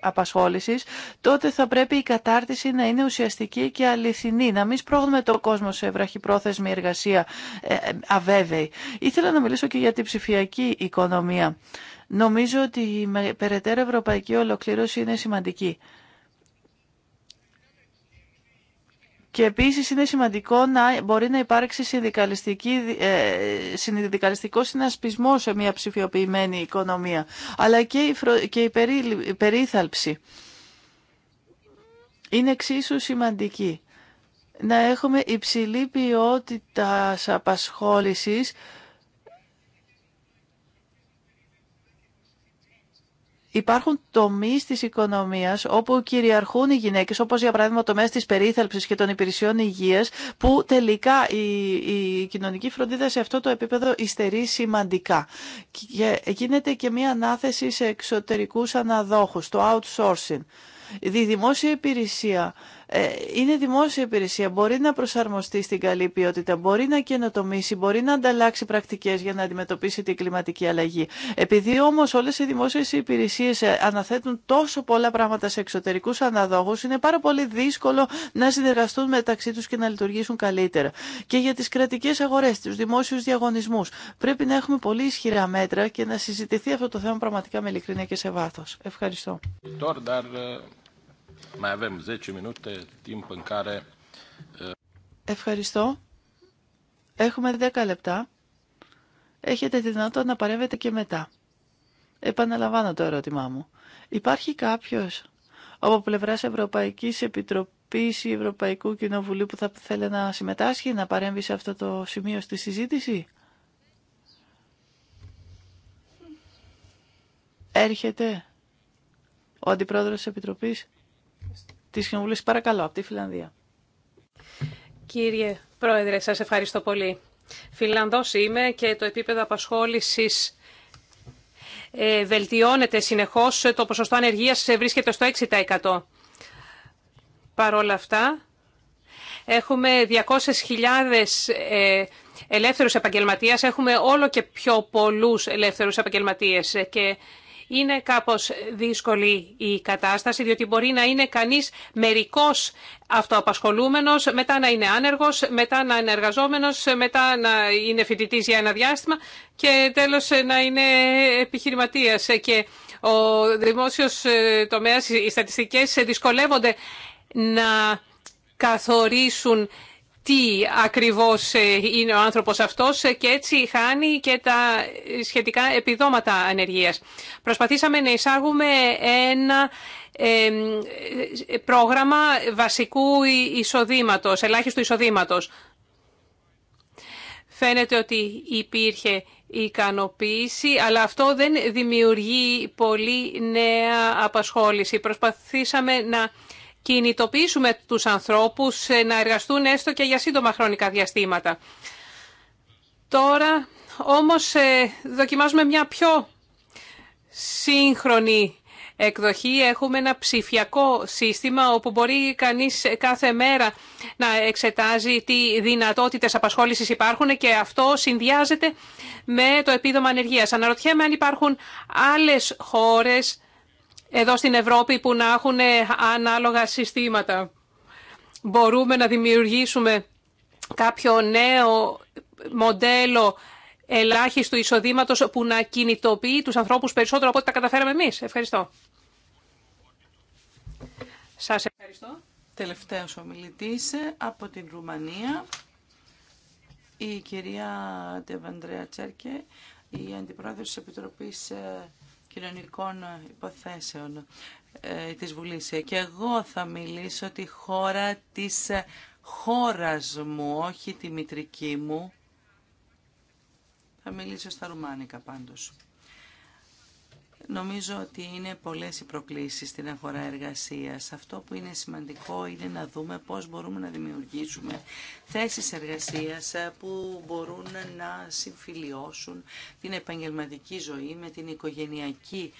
απασχόλησης, τότε θα πρέπει η κατάρτιση να είναι ουσιαστική και αληθινή, να μην σπρώχνουμε το κόσμο σε βραχυπρόθεσμη εργασία ε, ε, αβέβαιη. Ήθελα να μιλήσω και για την ψηφιακή οικονομία. Νομίζω ότι η περαιτέρω ευρωπαϊκή ολοκλήρωση είναι σημαντική. Και επίσης είναι σημαντικό να μπορεί να υπάρξει ε, συνδικαλιστικό συνασπισμό σε μια ψηφιοποιημένη οικονομία, αλλά και η, περί, περίθαλψη είναι εξίσου σημαντική. Να έχουμε υψηλή ποιότητα απασχόλησης Υπάρχουν τομεί τη οικονομία όπου κυριαρχούν οι γυναίκε, όπω για παράδειγμα το τομέα τη περίθαλψη και των υπηρεσιών υγεία, που τελικά η, η κοινωνική φροντίδα σε αυτό το επίπεδο υστερεί σημαντικά. Και γίνεται και μία ανάθεση σε εξωτερικού αναδόχου, το outsourcing. Η δημόσια υπηρεσία ε, είναι δημόσια υπηρεσία, μπορεί να προσαρμοστεί στην καλή ποιότητα, μπορεί να καινοτομήσει, μπορεί να ανταλλάξει πρακτικές για να αντιμετωπίσει την κλιματική αλλαγή. Επειδή όμως όλες οι δημόσιες υπηρεσίες ε, αναθέτουν τόσο πολλά πράγματα σε εξωτερικούς αναδόχους, είναι πάρα πολύ δύσκολο να συνεργαστούν μεταξύ τους και να λειτουργήσουν καλύτερα. Και για τις κρατικές αγορές, τους δημόσιους διαγωνισμούς, πρέπει να έχουμε πολύ ισχυρά μέτρα και να συζητηθεί αυτό το θέμα πραγματικά με ειλικρίνεια και σε βάθος. Ευχαριστώ. Ε, Uh, Ευχαριστώ. Έχουμε 10 λεπτά. Έχετε δυνατότητα να παρέμβετε και μετά. Επαναλαμβάνω το ερώτημά μου. Υπάρχει κάποιος από πλευράς Ευρωπαϊκής Επιτροπής ή Ευρωπαϊκού Κοινοβουλίου που θα θέλει να συμμετάσχει, να παρέμβει σε αυτό το σημείο στη συζήτηση. Έρχεται ο Αντιπρόεδρος της Επιτροπής. Τη Κοινοβουλής. Παρακαλώ, από τη Φιλανδία. Κύριε Πρόεδρε, σας ευχαριστώ πολύ. Φιλανδός είμαι και το επίπεδο απασχόλησης ε, βελτιώνεται συνεχώς. Το ποσοστό ανεργίας βρίσκεται στο 6%. Παρ' όλα αυτά, έχουμε 200.000 ε, ελεύθερους επαγγελματίες, έχουμε όλο και πιο πολλούς ελεύθερους επαγγελματίες και είναι κάπως δύσκολη η κατάσταση, διότι μπορεί να είναι κανείς μερικός αυτοαπασχολούμενος, μετά να είναι άνεργος, μετά να είναι εργαζόμενος, μετά να είναι φοιτητής για ένα διάστημα και τέλος να είναι επιχειρηματίας. Και ο δημόσιος ε, τομέας, οι στατιστικές δυσκολεύονται να καθορίσουν τι ακριβώς ε, είναι ο άνθρωπος αυτός ε, και έτσι χάνει και τα ε, σχετικά επιδόματα ανεργίας. Προσπαθήσαμε να εισάγουμε ένα πρόγραμμα βασικού εισοδήματος, ελάχιστου εισοδήματος. Φαίνεται ότι υπήρχε ικανοποίηση, αλλά αυτό δεν δημιουργεί πολύ νέα απασχόληση. Προσπαθήσαμε να κινητοποιήσουμε τους ανθρώπους ε, να εργαστούν έστω και για σύντομα χρονικά διαστήματα. Τώρα όμως ε, δοκιμάζουμε μια πιο σύγχρονη εκδοχή. Έχουμε ένα ψηφιακό σύστημα όπου μπορεί κανείς κάθε μέρα να εξετάζει τι δυνατότητες απασχόλησης υπάρχουν και αυτό συνδυάζεται με το επίδομα ανεργίας. Αναρωτιέμαι αν υπάρχουν άλλες χώρες εδώ στην Ευρώπη που να έχουν ε, ανάλογα συστήματα. Μπορούμε να δημιουργήσουμε κάποιο νέο μοντέλο ελάχιστου εισοδήματος που να κινητοποιεί τους ανθρώπους περισσότερο από ό,τι τα καταφέραμε εμείς. Ευχαριστώ. Σας ευχαριστώ. Τελευταίος ομιλητής από την Ρουμανία, η κυρία Τεβανδρέα Τσέρκε, η Αντιπρόεδρος της Επιτροπής ε, κοινωνικών υποθέσεων ε, της Βουλής. Και εγώ θα μιλήσω τη χώρα της ε, χώρας μου, όχι τη μητρική μου. Θα μιλήσω στα ρουμάνικα πάντως. Νομίζω ότι είναι πολλές οι προκλήσεις στην αγορά εργασίας. Αυτό που είναι σημαντικό είναι να δούμε πώς μπορούμε να δημιουργήσουμε θέσεις εργασίας που μπορούν να συμφιλιώσουν την επαγγελματική ζωή με την οικογενειακή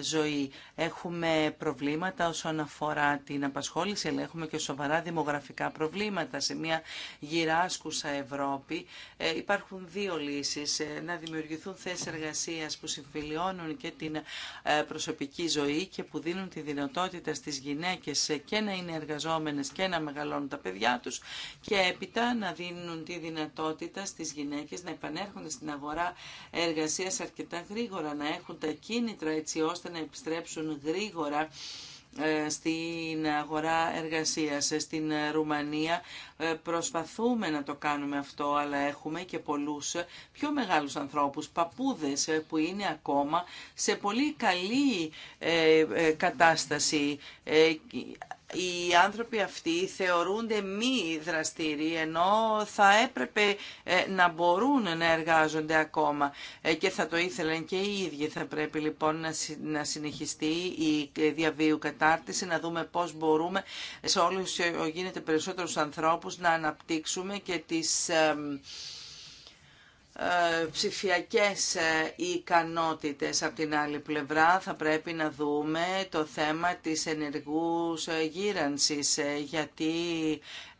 ζωή. Έχουμε προβλήματα όσον αφορά την απασχόληση, αλλά έχουμε και σοβαρά δημογραφικά προβλήματα. Σε μια γυράσκουσα Ευρώπη ε, υπάρχουν δύο λύσεις. Ε, να δημιουργηθούν θέσεις εργασίας που συμφιλιώσουν βελτιώνουν και την ε, προσωπική ζωή και που δίνουν τη δυνατότητα στις γυναίκες ε, και να είναι εργαζόμενες και να μεγαλώνουν τα παιδιά τους και έπειτα να δίνουν τη δυνατότητα στις γυναίκες να επανέρχονται στην αγορά εργασίας αρκετά γρήγορα, να έχουν τα κίνητρα έτσι ώστε να επιστρέψουν γρήγορα ε, στην αγορά εργασίας. Ε, στην Ρουμανία ε, προσπαθούμε να το κάνουμε αυτό, αλλά έχουμε και πολλούς πιο μεγάλους ανθρώπους, παπούδες που είναι ακόμα σε πολύ καλή κατάσταση οι άνθρωποι αυτοί θεωρούνται μη δραστήριοι ενώ θα έπρεπε ε, να μπορούν να εργάζονται ακόμα ε, και θα το ήθελαν και οι ίδιοι. Θα πρέπει λοιπόν να συνεχιστεί η ε, διαβίου κατάρτιση, να δούμε πώς μπορούμε σε όλους γίνεται περισσότερους ανθρώπους να αναπτύξουμε και τις ε, ψηφιακές ε, ικανότητες. Από την άλλη πλευρά θα πρέπει να δούμε το θέμα της ενεργούς ε, γύρανσης γιατί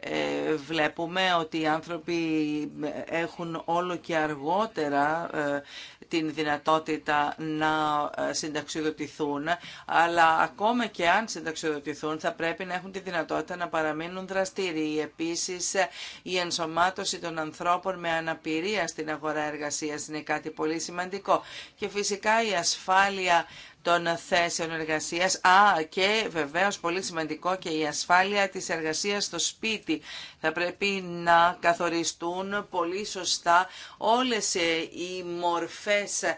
ε, βλέπουμε ότι οι άνθρωποι έχουν όλο και αργότερα ε, την δυνατότητα να ε, συνταξιοδοτηθούν, αλλά ακόμα και αν συνταξιοδοτηθούν θα πρέπει να έχουν τη δυνατότητα να παραμείνουν δραστήριοι. Επίσης, η ενσωμάτωση των ανθρώπων με αναπηρία στην αγορά εργασίας είναι κάτι πολύ σημαντικό. Και φυσικά η ασφάλεια των θέσεων εργασίας. Α, και βεβαίως πολύ σημαντικό και η ασφάλεια της εργασίας στο σπίτι. Θα πρέπει να καθοριστούν πολύ σωστά όλες ε, οι μορφές ε,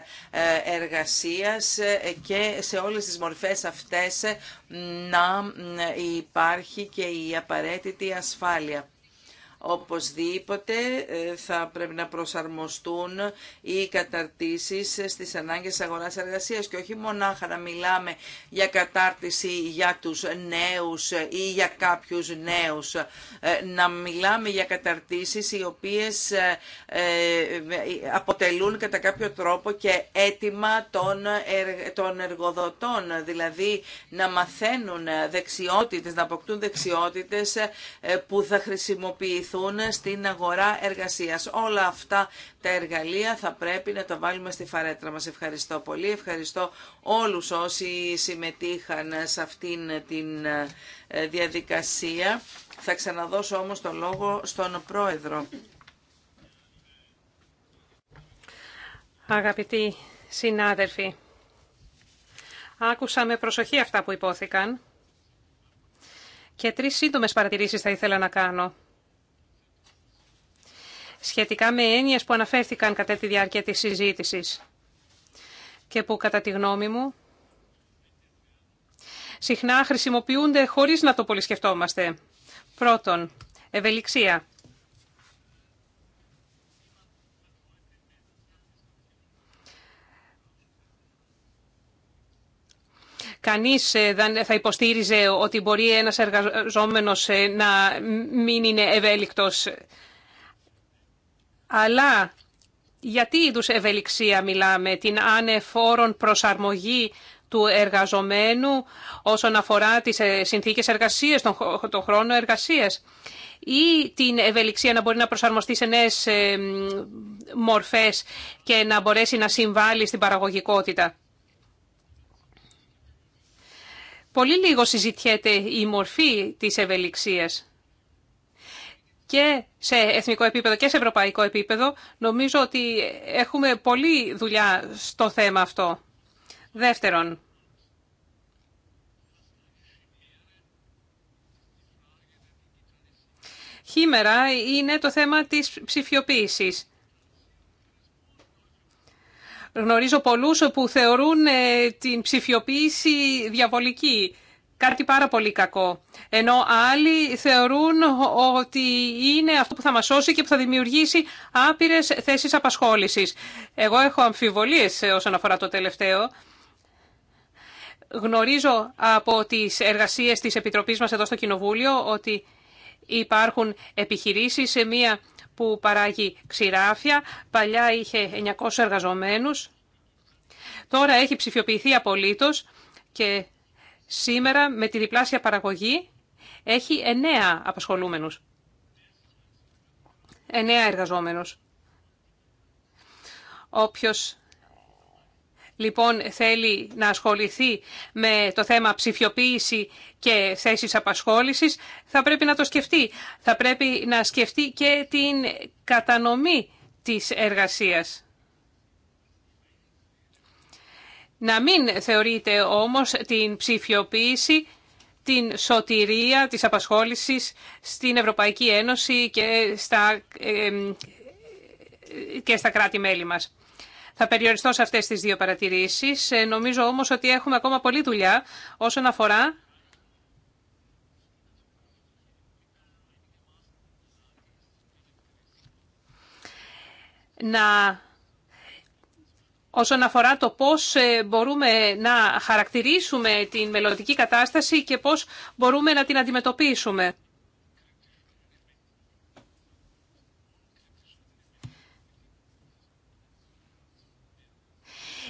εργασίας ε, και σε όλες τις μορφές αυτές να υπάρχει και η απαραίτητη ασφάλεια. Οπωσδήποτε ε, θα πρέπει να προσαρμοστούν οι καταρτήσεις στις ανάγκες αγοράς εργασίας και όχι μονάχα να μιλάμε για κατάρτιση για τους νέους ή για κάποιους νέους. Ε, να μιλάμε για καταρτήσεις οι οποίες ε, αποτελούν κατά κάποιο τρόπο και αίτημα των εργοδοτών, δηλαδή να μαθαίνουν δεξιότητες, να αποκτούν δεξιότητες που θα χρησιμοποιηθούν στην αγορά εργασίας. Όλα αυτά τα εργαλεία θα πρέπει να τα βάλουμε στη φαρέτρα μας. Ευχαριστώ πολύ. Ευχαριστώ όλους όσοι συμμετείχαν σε αυτήν την ε, διαδικασία. Θα ξαναδώσω όμως το λόγο στον Πρόεδρο. Αγαπητοί συνάδελφοι, άκουσα με προσοχή αυτά που υπόθηκαν και τρεις σύντομες παρατηρήσεις θα ήθελα να κάνω σχετικά με έννοιες που αναφέρθηκαν κατά τη διάρκεια της συζήτησης και που κατά τη γνώμη μου συχνά χρησιμοποιούνται χωρίς να το πολυσκεφτόμαστε. Πρώτον, ευελιξία. Κανείς ε, θα υποστήριζε ότι μπορεί ένας εργαζόμενος ε, να μην είναι ευέλικτος αλλά γιατί τι είδους ευελιξία μιλάμε, την ανεφόρον προσαρμογή του εργαζομένου όσον αφορά τις ε, συνθήκες εργασίας, τον χρόνο εργασίας ή την ευελιξία να μπορεί να προσαρμοστεί σε νέες ε, μορφές και να μπορέσει να συμβάλλει στην παραγωγικότητα. Πολύ λίγο συζητιέται η μορφή της ευελιξίας και σε εθνικό επίπεδο και σε ευρωπαϊκό επίπεδο. Νομίζω ότι έχουμε πολλή δουλειά στο θέμα αυτό. Δεύτερον, χήμερα είναι το θέμα της ψηφιοποίησης. Γνωρίζω πολλούς που θεωρούν ε, την ψηφιοποίηση διαβολική κάτι πάρα πολύ κακό. Ενώ άλλοι θεωρούν ότι είναι αυτό που θα μας σώσει και που θα δημιουργήσει άπειρες θέσεις απασχόλησης. Εγώ έχω αμφιβολίες όσον αφορά το τελευταίο. Γνωρίζω από τις εργασίες της Επιτροπής μας εδώ στο Κοινοβούλιο ότι υπάρχουν επιχειρήσεις σε μία που παράγει ξηράφια. Παλιά είχε 900 εργαζομένους. Τώρα έχει ψηφιοποιηθεί απολύτως και Σήμερα με τη διπλάσια παραγωγή έχει 9 απασχολούμενους. 9 εργαζόμενους. Όποιος λοιπόν θέλει να ασχοληθεί με το θέμα ψηφιοποίηση και θέσεις απασχόλησης, θα πρέπει να το σκεφτεί. Θα πρέπει να σκεφτεί και την κατανομή της εργασίας. Να μην θεωρείτε όμως την ψηφιοποίηση την σωτηρία της απασχόλησης στην Ευρωπαϊκή Ένωση και στα, και στα κράτη-μέλη μας. Θα περιοριστώ σε αυτές τις δύο παρατηρήσεις. Ε, νομίζω όμως ότι έχουμε ακόμα πολλή δουλειά όσον αφορά... να όσον αφορά το πώς ε, μπορούμε να χαρακτηρίσουμε την μελλοντική κατάσταση και πώς μπορούμε να την αντιμετωπίσουμε.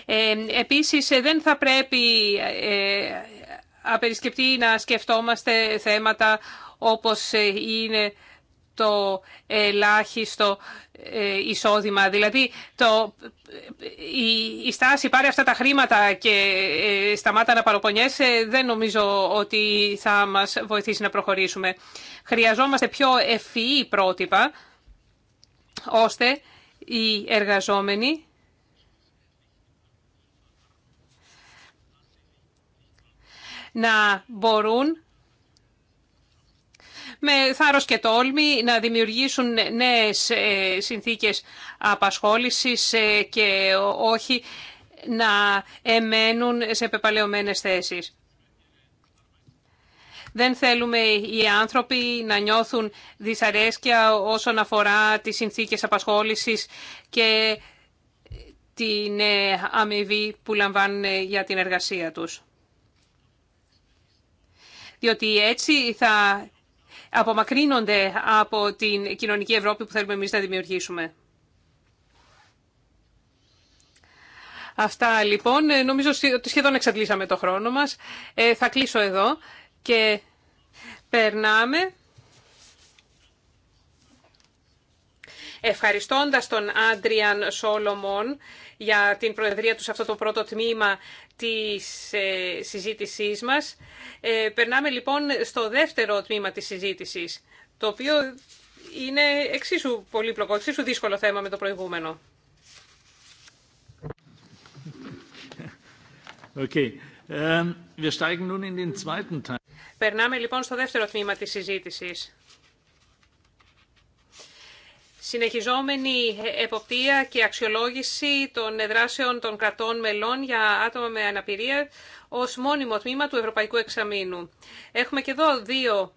Ε, επίσης, ε, δεν θα πρέπει απερισκεπτεί να σκεφτόμαστε θέματα όπως είναι το ελάχιστο ε, εισόδημα. Δηλαδή, το, η, η στάση πάρει αυτά τα χρήματα και ε, σταμάτα να παροπονιέσαι ε, δεν νομίζω ότι θα μας βοηθήσει να προχωρήσουμε. Χρειαζόμαστε πιο ευφυή πρότυπα, ώστε οι εργαζόμενοι να μπορούν με θάρρος και τόλμη να δημιουργήσουν νέες ε, συνθήκες απασχόλησης ε, και όχι να εμένουν σε πεπαλαιωμένες θέσεις. Δεν θέλουμε οι άνθρωποι να νιώθουν δυσαρέσκεια όσον αφορά τις συνθήκες απασχόλησης και την ε, αμοιβή που λαμβάνουν για την εργασία τους. Διότι έτσι θα απομακρύνονται από την κοινωνική Ευρώπη που θέλουμε εμείς να δημιουργήσουμε. Αυτά λοιπόν. Ε, νομίζω ότι σχεδόν εξαντλήσαμε το χρόνο μας. Ε, θα κλείσω εδώ και περνάμε ευχαριστώντας τον Άντριαν Σόλομον για την προεδρία του σε αυτό το πρώτο τμήμα της ε, συζήτησής μας. Ε, περνάμε λοιπόν στο δεύτερο τμήμα της συζήτησης, το οποίο είναι εξίσου πολύπλοκο, εξίσου δύσκολο θέμα με το προηγούμενο. Okay. Ähm, wir steigen nun in den Περνάμε λοιπόν στο δεύτερο τμήμα της συζήτησης συνεχιζόμενη εποπτεία και αξιολόγηση των δράσεων των κρατών μελών για άτομα με αναπηρία ως μόνιμο τμήμα του Ευρωπαϊκού Εξαμήνου. Έχουμε και εδώ δύο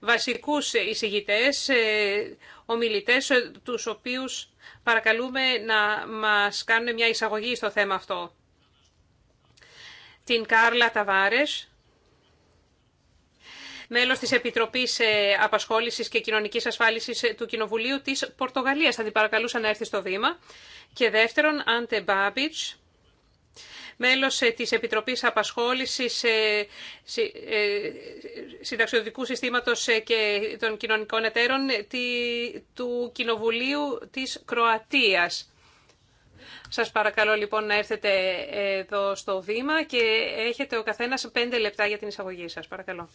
βασικούς εισηγητές, ε, ομιλητές, ε, τους οποίους παρακαλούμε να μας κάνουν μια εισαγωγή στο θέμα αυτό. Την Κάρλα Ταβάρες, Μέλο τη επιτροπή ε, Απασχόλησης και Κοινωνικής Ασφάλισης ε, του Κοινοβουλίου τη Πορτογαλίας. Θα την παρακαλούσα να έρθει στο βήμα. Και δεύτερον, Άντε Μπάμπιτ, μέλος ε, της Επιτροπής Απασχόλησης Συνταξιωτικού Συστήματος και των Κοινωνικών Εταίρων του Κοινοβουλίου της Κροατίας. Σας παρακαλώ λοιπόν να έρθετε εδώ στο βήμα και έχετε ο καθένας πέντε λεπτά για την εισαγωγή σας. Παρακαλώ.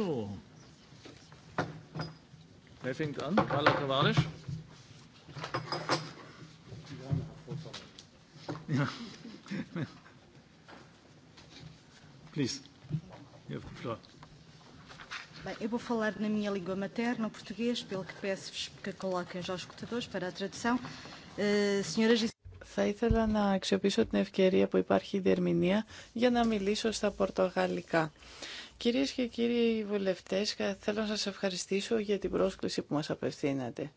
So. Wer fängt an? Carla Tavares. Ja. Please. You have the floor. Bem, eu vou falar na minha língua materna, o português, pelo que peço-vos que coloquem já os escutadores para a tradução. Uh, e θα ήθελα να αξιοποιήσω την ευκαιρία που υπάρχει η για να μιλήσω στα πορτογαλικά. Κυρίες και κύριοι βουλευτές, θέλω να σας ευχαριστήσω για την πρόσκληση που μας απευθύνατε.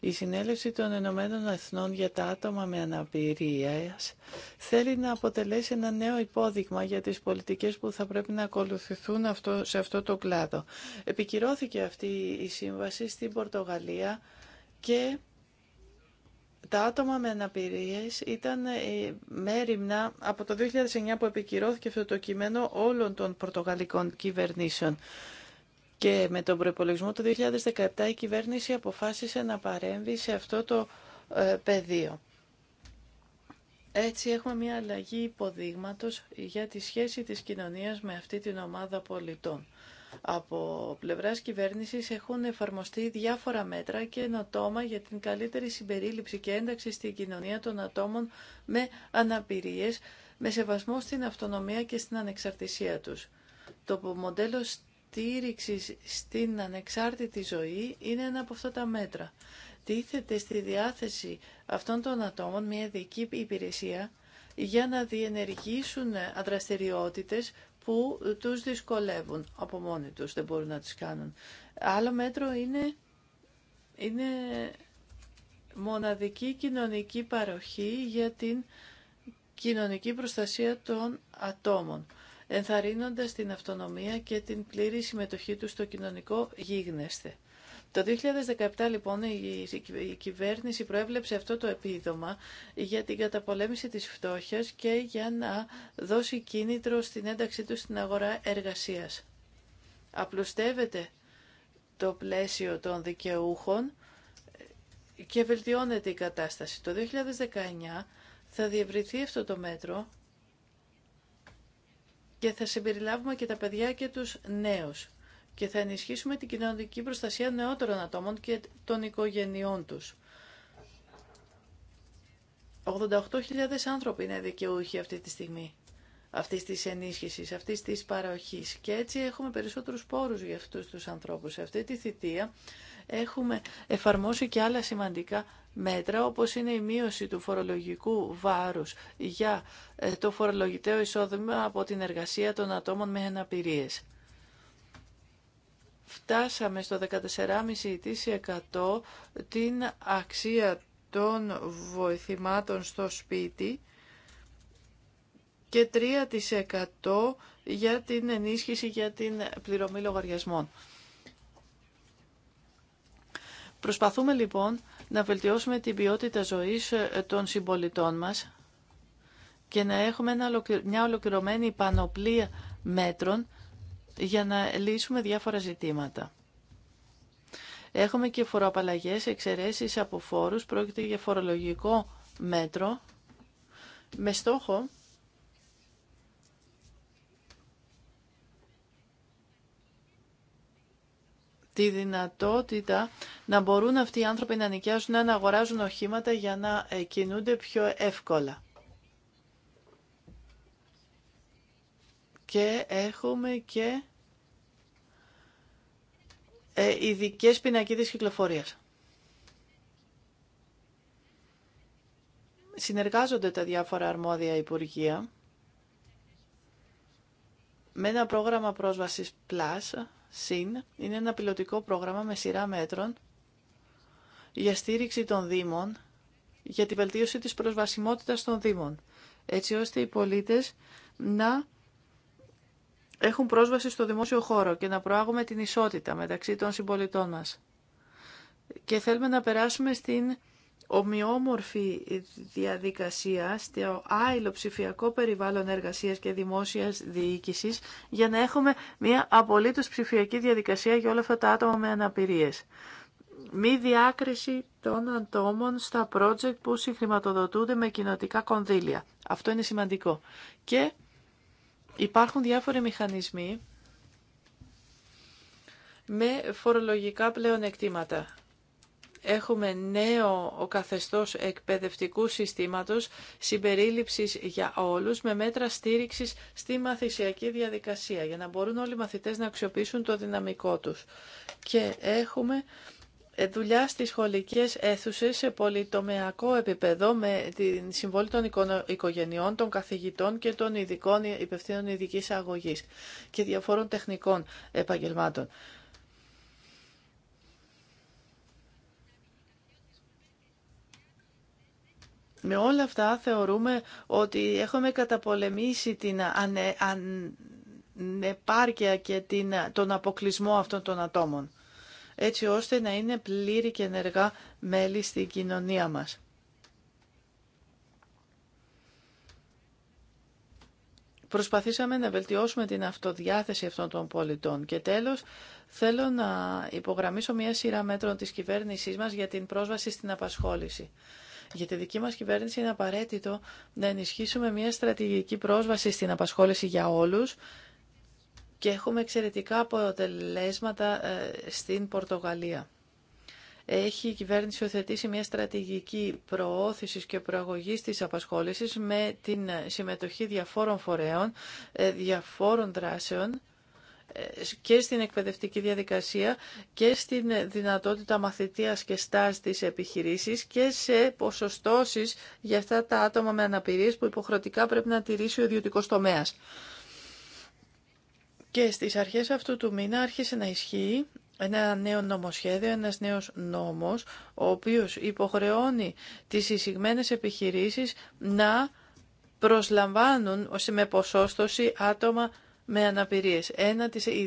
Η Συνέλευση των Ηνωμένων Εθνών για τα άτομα με αναπηρία θέλει να αποτελέσει ένα νέο υπόδειγμα για τις πολιτικές που θα πρέπει να ακολουθηθούν αυτό, σε αυτό το κλάδο. Επικυρώθηκε αυτή η σύμβαση στην Πορτογαλία και τα άτομα με αναπηρίες ήταν ε, μέρημνα από το 2009 που επικυρώθηκε αυτό το κείμενο όλων των πορτογαλικών κυβερνήσεων. Και με τον προπολογισμό του 2017 η κυβέρνηση αποφάσισε να παρέμβει σε αυτό το ε, πεδίο. Έτσι έχουμε μια αλλαγή υποδείγματος για τη σχέση της κοινωνίας με αυτή την ομάδα πολιτών από πλευράς κυβέρνησης έχουν εφαρμοστεί διάφορα μέτρα και ενωτόμα για την καλύτερη συμπερίληψη και ένταξη στην κοινωνία των ατόμων με αναπηρίες, με σεβασμό στην αυτονομία και στην ανεξαρτησία τους. Το μοντέλο στήριξης στην ανεξάρτητη ζωή είναι ένα από αυτά τα μέτρα. Τίθεται στη διάθεση αυτών των ατόμων μια ειδική υπηρεσία για να διενεργήσουν δραστηριότητε που ε, τους δυσκολεύουν από μόνοι τους, δεν μπορούν να τις κάνουν. Άλλο μέτρο είναι, είναι μοναδική κοινωνική παροχή για την κοινωνική προστασία των ατόμων, ενθαρρύνοντας την αυτονομία και την πλήρη συμμετοχή τους στο κοινωνικό γίγνεσθε. Το 2017 λοιπόν η κυβέρνηση προέβλεψε αυτό το επίδομα για την καταπολέμηση της φτώχειας και για να δώσει κίνητρο στην ένταξή του στην αγορά εργασίας. Απλουστεύεται το πλαίσιο των δικαιούχων και βελτιώνεται η κατάσταση. Το 2019 θα διευρυνθεί αυτό το μέτρο και θα συμπεριλάβουμε και τα παιδιά και τους νέους και θα ενισχύσουμε την κοινωνική προστασία νεότερων ατόμων και των οικογενειών τους. 88.000 άνθρωποι είναι δικαιούχοι αυτή τη στιγμή αυτής της ενίσχυσης, αυτής της παροχής και έτσι έχουμε περισσότερους πόρους για αυτούς τους ανθρώπους. Σε αυτή τη θητεία έχουμε εφαρμόσει και άλλα σημαντικά μέτρα όπως είναι η μείωση του φορολογικού βάρους για ε, το φορολογητέο εισόδημα από την εργασία των ατόμων με αναπηρίες φτάσαμε στο 14,5% την αξία των βοηθημάτων στο σπίτι και 3% για την ενίσχυση για την πληρωμή λογαριασμών. Προσπαθούμε λοιπόν να βελτιώσουμε την ποιότητα ζωής ε, των συμπολιτών μας και να έχουμε μια ολοκληρωμένη πανοπλία μέτρων για να λύσουμε διάφορα ζητήματα. Έχουμε και φοροαπαλλαγές, εξαιρέσεις από φόρους, πρόκειται για φορολογικό μέτρο με στόχο τη δυνατότητα να μπορούν αυτοί οι άνθρωποι να νοικιάσουν, να αγοράζουν οχήματα για να ε, κινούνται πιο εύκολα. και έχουμε και ε, ειδικέ πινακίδες κυκλοφορίας. Συνεργάζονται τα διάφορα αρμόδια υπουργεία με ένα πρόγραμμα πρόσβασης Plus, ΣΥΝ είναι ένα πιλωτικό πρόγραμμα με σειρά μέτρων για στήριξη των Δήμων, για τη βελτίωση της προσβασιμότητας των Δήμων, έτσι ώστε οι πολίτες να έχουν πρόσβαση στο δημόσιο χώρο και να προάγουμε την ισότητα μεταξύ των συμπολιτών μας. Και θέλουμε να περάσουμε στην ομοιόμορφη διαδικασία στο άειλο ψηφιακό περιβάλλον εργασίας και δημόσιας διοίκησης για να έχουμε μια απολύτως ψηφιακή διαδικασία για όλα αυτά τα άτομα με αναπηρίες. Μη διάκριση των ατόμων στα project που συγχρηματοδοτούνται με κοινοτικά κονδύλια. Αυτό είναι σημαντικό. Και Υπάρχουν διάφοροι μηχανισμοί με φορολογικά πλεονεκτήματα. Έχουμε νέο ο καθεστώς εκπαιδευτικού συστήματος συμπερίληψης για όλους με μέτρα στήριξης στη μαθησιακή διαδικασία για να μπορούν όλοι οι μαθητές να αξιοποιήσουν το δυναμικό τους. Και έχουμε ε, δουλειά στις σχολικές αίθουσες σε πολυτομεακό επίπεδο με τη συμβόλη των οικογενειών, των καθηγητών και των ειδικών υπευθύνων ειδική αγωγής και διαφόρων τεχνικών επαγγελμάτων. Με όλα αυτά θεωρούμε ότι έχουμε καταπολεμήσει την ανεπάρκεια και την, τον αποκλεισμό αυτών των ατόμων έτσι ώστε να είναι πλήρη και ενεργά μέλη στην κοινωνία μας. Προσπαθήσαμε να βελτιώσουμε την αυτοδιάθεση αυτών των πολιτών. Και τέλος, θέλω να υπογραμμίσω μια σειρά μέτρων της κυβέρνησής μας για την πρόσβαση στην απασχόληση. Για τη δική μας κυβέρνηση είναι απαραίτητο να ενισχύσουμε μια στρατηγική πρόσβαση στην απασχόληση για όλους, και έχουμε εξαιρετικά αποτελέσματα ε, στην Πορτογαλία. Έχει η κυβέρνηση οθετήσει μια στρατηγική προώθησης και προαγωγής της απασχόλησης με την ε, συμμετοχή διαφόρων φορέων, ε, διαφόρων δράσεων και στην εκπαιδευτική διαδικασία και στην δυνατότητα μαθητείας και στάση της επιχειρήσης και σε ποσοστώσεις για αυτά τα άτομα με αναπηρίες που υποχρεωτικά πρέπει να τηρήσει ο ιδιωτικός τομέας. Και στις αρχές αυτού του μήνα άρχισε να ισχύει ένα νέο νομοσχέδιο, ένας νέος νόμος, ο οποίος υποχρεώνει τις εισηγμένες επιχειρήσεις να προσλαμβάνουν με ποσόστοση άτομα με αναπηρίες, 1% ή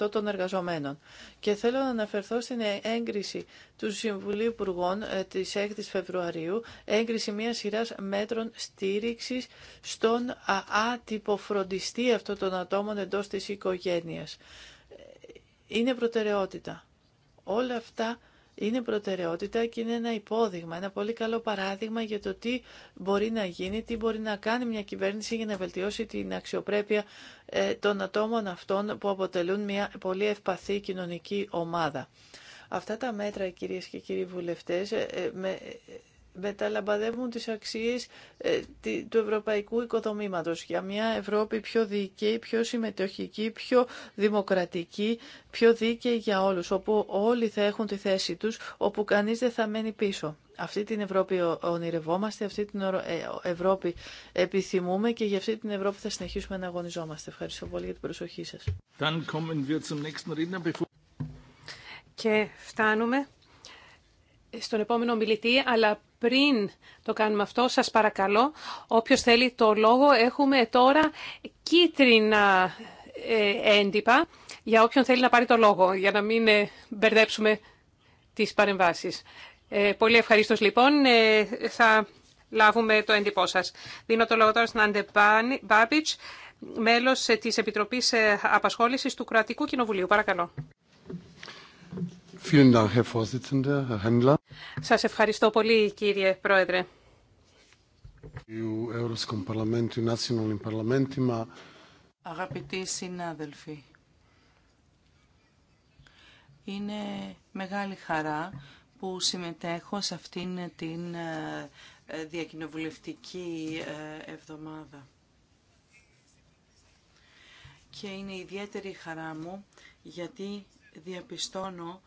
2% των εργαζομένων. Και θέλω να αναφερθώ στην έγκριση του Συμβουλίου Υπουργών ε, της 6ης Φεβρουαρίου, έγκριση μιας σειράς μέτρων στήριξης στον άτυπο φροντιστή αυτών των ατόμων εντός της οικογένειας. Ε, είναι προτεραιότητα. Όλα αυτά είναι προτεραιότητα και είναι ένα υπόδειγμα, ένα πολύ καλό παράδειγμα για το τι μπορεί να γίνει, τι μπορεί να κάνει μια κυβέρνηση για να βελτιώσει την αξιοπρέπεια ε, των ατόμων αυτών που αποτελούν μια πολύ ευπαθή κοινωνική ομάδα. Αυτά τα μέτρα, κυρίες και κύριοι βουλευτές, ε, ε, μεταλαμπαδεύουν τις αξίες ε, του ευρωπαϊκού οικοδομήματος για μια Ευρώπη πιο δίκαιη, πιο συμμετοχική, πιο δημοκρατική, πιο δίκαιη για όλους, όπου όλοι θα έχουν τη θέση τους, όπου κανείς δεν θα μένει πίσω. Αυτή την Ευρώπη ονειρευόμαστε, αυτή την ε, Ευρώπη επιθυμούμε και για αυτή την Ευρώπη θα συνεχίσουμε να αγωνιζόμαστε. Ευχαριστώ πολύ για την προσοχή σας. Και φτάνουμε στον επόμενο μιλητή, αλλά πριν το κάνουμε αυτό, σας παρακαλώ, όποιος θέλει το λόγο, έχουμε τώρα κίτρινα ε, έντυπα για όποιον θέλει να πάρει το λόγο, για να μην ε, μπερδέψουμε τις παρεμβάσεις. Ε, πολύ ευχαριστώ, λοιπόν. Θα λάβουμε το έντυπό σας. Δίνω το λόγο τώρα στην Άντε Μπάμπιτς, μέλος της Επιτροπής Απασχόλησης του Κροατικού Κοινοβουλίου. Παρακαλώ. Σας ευχαριστώ πολύ, κύριε Πρόεδρε. Αγαπητοί συνάδελφοι, είναι μεγάλη χαρά που συμμετέχω σε αυτήν την ε, ε, διακοινοβουλευτική ε, εβδομάδα. Και είναι ιδιαίτερη χαρά μου γιατί διαπιστώνω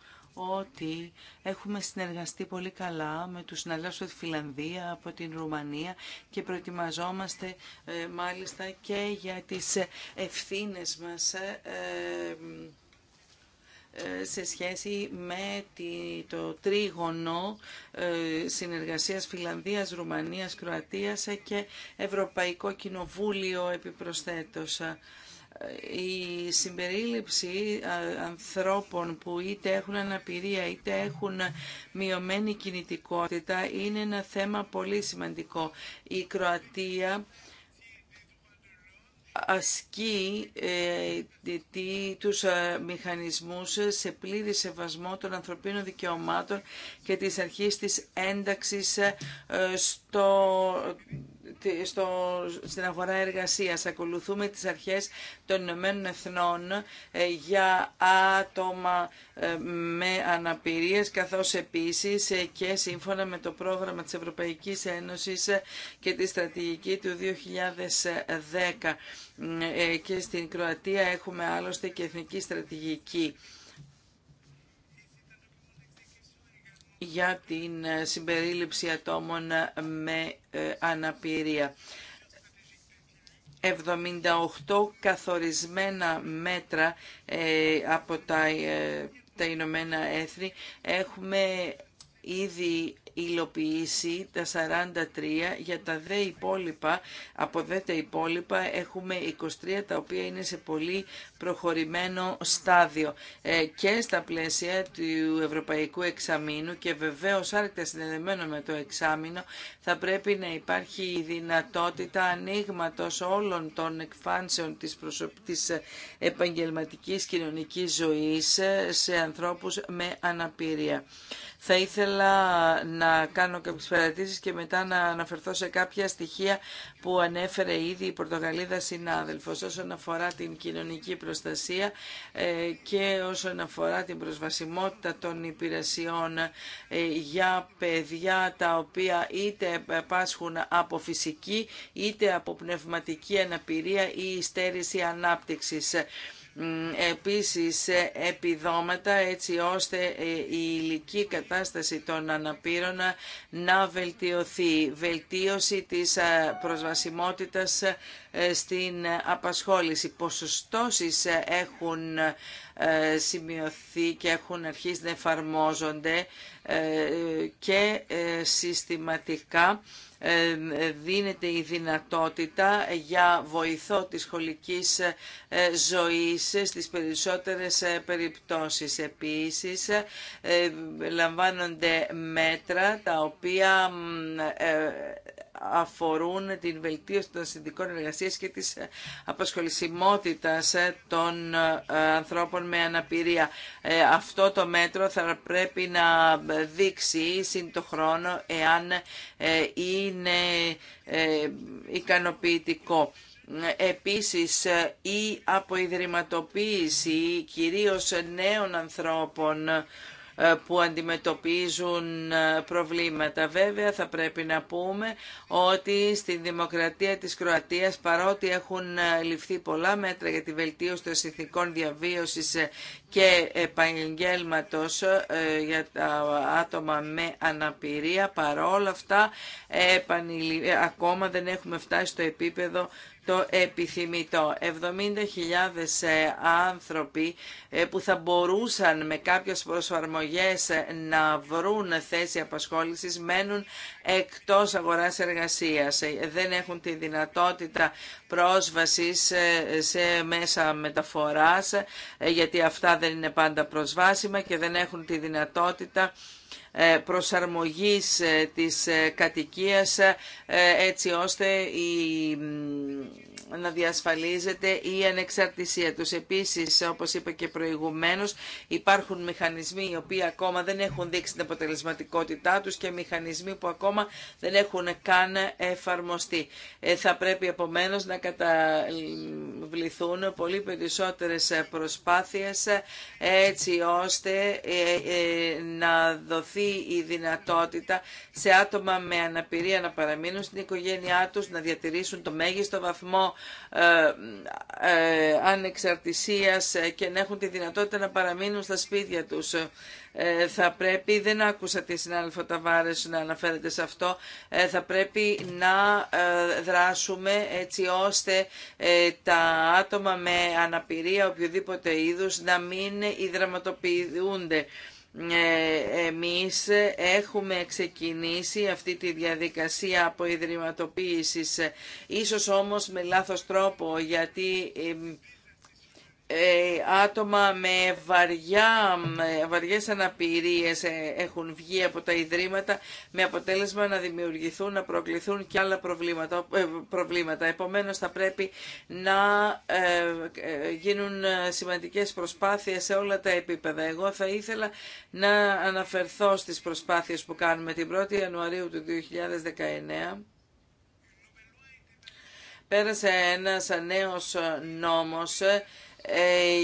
ότι έχουμε συνεργαστεί πολύ καλά με τους συναλλαγούς από τη Φιλανδία, από την Ρουμανία και προετοιμαζόμαστε ε, μάλιστα και για τις ε, ευθύνες μας ε, σε σχέση με το τρίγωνο συνεργασίας Φιλανδίας, Ρουμανίας, Κροατίας και Ευρωπαϊκό Κοινοβούλιο επιπροσθέτως η συμπερίληψη ε, ανθρώπων που είτε έχουν αναπηρία είτε έχουν μειωμένη κινητικότητα είναι ένα θέμα πολύ σημαντικό. Η Κροατία ασκεί ε, τι, τους ε, μηχανισμούς σε πλήρη σεβασμό των ανθρωπίνων δικαιωμάτων και της αρχής της ένταξης ε, στο στο, στην αγορά εργασίας. Ακολουθούμε τις αρχές των Ηνωμένων Εθνών ε, για άτομα ε, με αναπηρίες καθώς επίσης ε, και σύμφωνα με το πρόγραμμα της Ευρωπαϊκής Ένωσης και τη στρατηγική του 2010 και στην Κροατία έχουμε άλλωστε και εθνική στρατηγική. για την ε, συμπερίληψη ατόμων ε, με ε, αναπηρία. 78 καθορισμένα μέτρα από τα, τα Ηνωμένα Έθνη έχουμε ήδη υλοποιήσει τα 43, για τα δε υπόλοιπα, από δε τα υπόλοιπα έχουμε 23 τα οποία είναι σε πολύ προχωρημένο στάδιο ε, και στα πλαίσια του Ευρωπαϊκού Εξαμήνου και βεβαίως άρρηκτα συνδεδεμένο με το εξάμεινο θα πρέπει να υπάρχει η δυνατότητα ανοίγματο όλων των εκφάνσεων της, προσωπ... της επαγγελματικής κοινωνικής ζωής ε, σε ανθρώπους με αναπηρία. Θα ήθελα να κάνω κάποιες παρατήσεις και μετά να αναφερθώ σε κάποια στοιχεία που ανέφερε ήδη η Πορτογαλίδα συνάδελφος όσον αφορά την κοινωνική προστασία ε, και όσον αφορά την προσβασιμότητα των υπηρεσιών ε, για παιδιά τα οποία είτε πάσχουν από φυσική είτε από πνευματική αναπηρία ή στέρηση ανάπτυξης επίσης ε, επιδόματα έτσι ώστε ε, η υλική κατάσταση των αναπήρων να βελτιωθεί. Βελτίωση της ε, προσβασιμότητας στην απασχόληση. Ποσοστώσεις έχουν σημειωθεί και έχουν αρχίσει να εφαρμόζονται και συστηματικά ε, δίνεται η δυνατότητα για βοηθό της σχολικής ε, ζωής στις περισσότερες ε, περιπτώσεις. Επίσης, λαμβάνονται μέτρα τα οποία αφορούν την βελτίωση των συνδικών εργασίας και της απασχολησιμότητας ε, των ε, ανθρώπων με αναπηρία. Ε, αυτό το μέτρο θα πρέπει να δείξει σύν το χρόνο εάν είναι ικανοποιητικό. Επίσης, η αποϊδρυματοποίηση κυρίως νέων ανθρώπων ε, που αντιμετωπίζουν ε, προβλήματα. Βέβαια θα πρέπει να πούμε ότι στην δημοκρατία της Κροατίας παρότι έχουν ε, ληφθεί πολλά μέτρα για τη βελτίωση των συνθηκών διαβίωσης και επαγγέλματο για τα άτομα με αναπηρία παρόλα αυτά ακόμα δεν έχουμε φτάσει στο επίπεδο το επιθυμητό. 70.000 ε, άνθρωποι ε, που θα μπορούσαν με κάποιες προσαρμογές ε, να βρουν θέση απασχόλησης μένουν εκτός αγοράς εργασίας. Δεν έχουν τη δυνατότητα πρόσβασης σε μέσα μεταφοράς γιατί αυτά δεν είναι πάντα προσβάσιμα και δεν έχουν τη δυνατότητα ε, προσαρμογής ε, της ε, κατοικίας έτσι ώστε η, να διασφαλίζεται η ανεξαρτησία τους. Επίσης, όπως είπα και προηγουμένως, υπάρχουν μηχανισμοί οι οποίοι ακόμα δεν έχουν δείξει την αποτελεσματικότητά τους και μηχανισμοί που ακόμα δεν έχουν καν εφαρμοστεί. Θα πρέπει επομένως να καταβληθούν πολύ περισσότερες προσπάθειες έτσι ώστε να δοθεί η δυνατότητα σε άτομα με αναπηρία να παραμείνουν στην οικογένειά τους, να διατηρήσουν το μέγιστο βαθμό ε, ε, ανεξαρτησίας ε, και να έχουν τη δυνατότητα να παραμείνουν στα σπίτια τους. Θα πρέπει, δεν άκουσα τη συνάδελφο Ταβάρες να αναφέρεται σε αυτό, θα πρέπει να δράσουμε έτσι ώστε τα άτομα με αναπηρία οποιοδήποτε είδους να μην ιδραματοποιούνται. Ε, εμείς έχουμε ξεκινήσει αυτή τη διαδικασία από ιδρυματοποίησης, ίσως όμως με λάθος τρόπο, γιατί ε, άτομα με βαριά, με βαριές αναπηρίες ε, έχουν βγει από τα ιδρύματα με αποτέλεσμα να δημιουργηθούν, να προκληθούν και άλλα προβλήματα. Ε, προβλήματα. Επομένως θα πρέπει να γίνουν σημαντικές προσπάθειες σε όλα τα επίπεδα. Εγώ θα ήθελα να αναφερθώ στις προσπάθειες που κάνουμε την 1η Ιανουαρίου του 2019 πέρασε ένας νέος νόμος ε,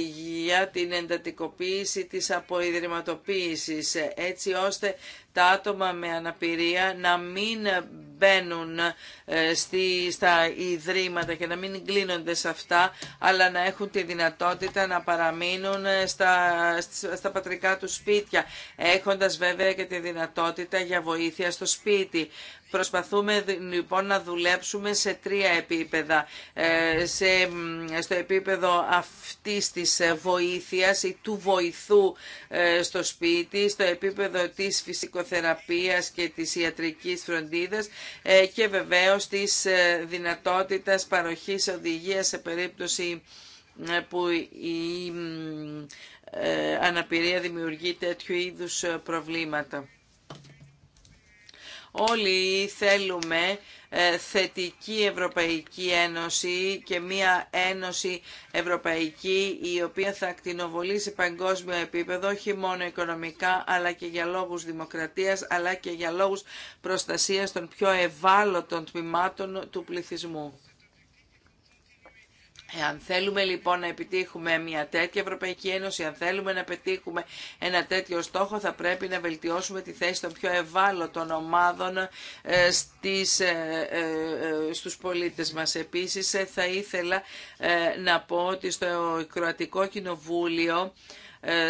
για την εντατικοποίηση της αποϊδρυματοποίησης έτσι ώστε τα άτομα με αναπηρία να μην μπαίνουν ε, στα ιδρύματα και να μην κλείνονται σε αυτά αλλά να έχουν τη δυνατότητα να παραμείνουν ε, στα, πατρικά του σπίτια έχοντας βέβαια και τη δυνατότητα για βοήθεια στο σπίτι. Προσπαθούμε λοιπόν να δουλέψουμε σε τρία επίπεδα. Ε, σε, στο επίπεδο αυτής της ε, βοήθειας ή του βοηθού ε, στο σπίτι, στο επίπεδο της φυσικοθεραπείας και της ιατρικής φροντίδας και βεβαίως της δυνατότητας παροχής οδηγίας σε περίπτωση που η αναπηρία δημιουργεί τέτοιου είδους προβλήματα. Όλοι θέλουμε ε, θετική Ευρωπαϊκή Ένωση και μια Ένωση Ευρωπαϊκή η οποία θα ακτινοβολήσει παγκόσμιο επίπεδο όχι μόνο οικονομικά αλλά και για λόγους δημοκρατίας αλλά και για λόγους προστασίας των πιο ευάλωτων τμήματων του πληθυσμού. Αν θέλουμε λοιπόν να επιτύχουμε μια τέτοια Ευρωπαϊκή Ένωση, αν θέλουμε να πετύχουμε ένα τέτοιο στόχο, θα πρέπει να βελτιώσουμε τη θέση των πιο ευάλωτων ομάδων ε, στις, ε, ε, στους πολίτες μας. Επίσης, θα ήθελα να πω ότι στο Κροατικό Κοινοβούλιο,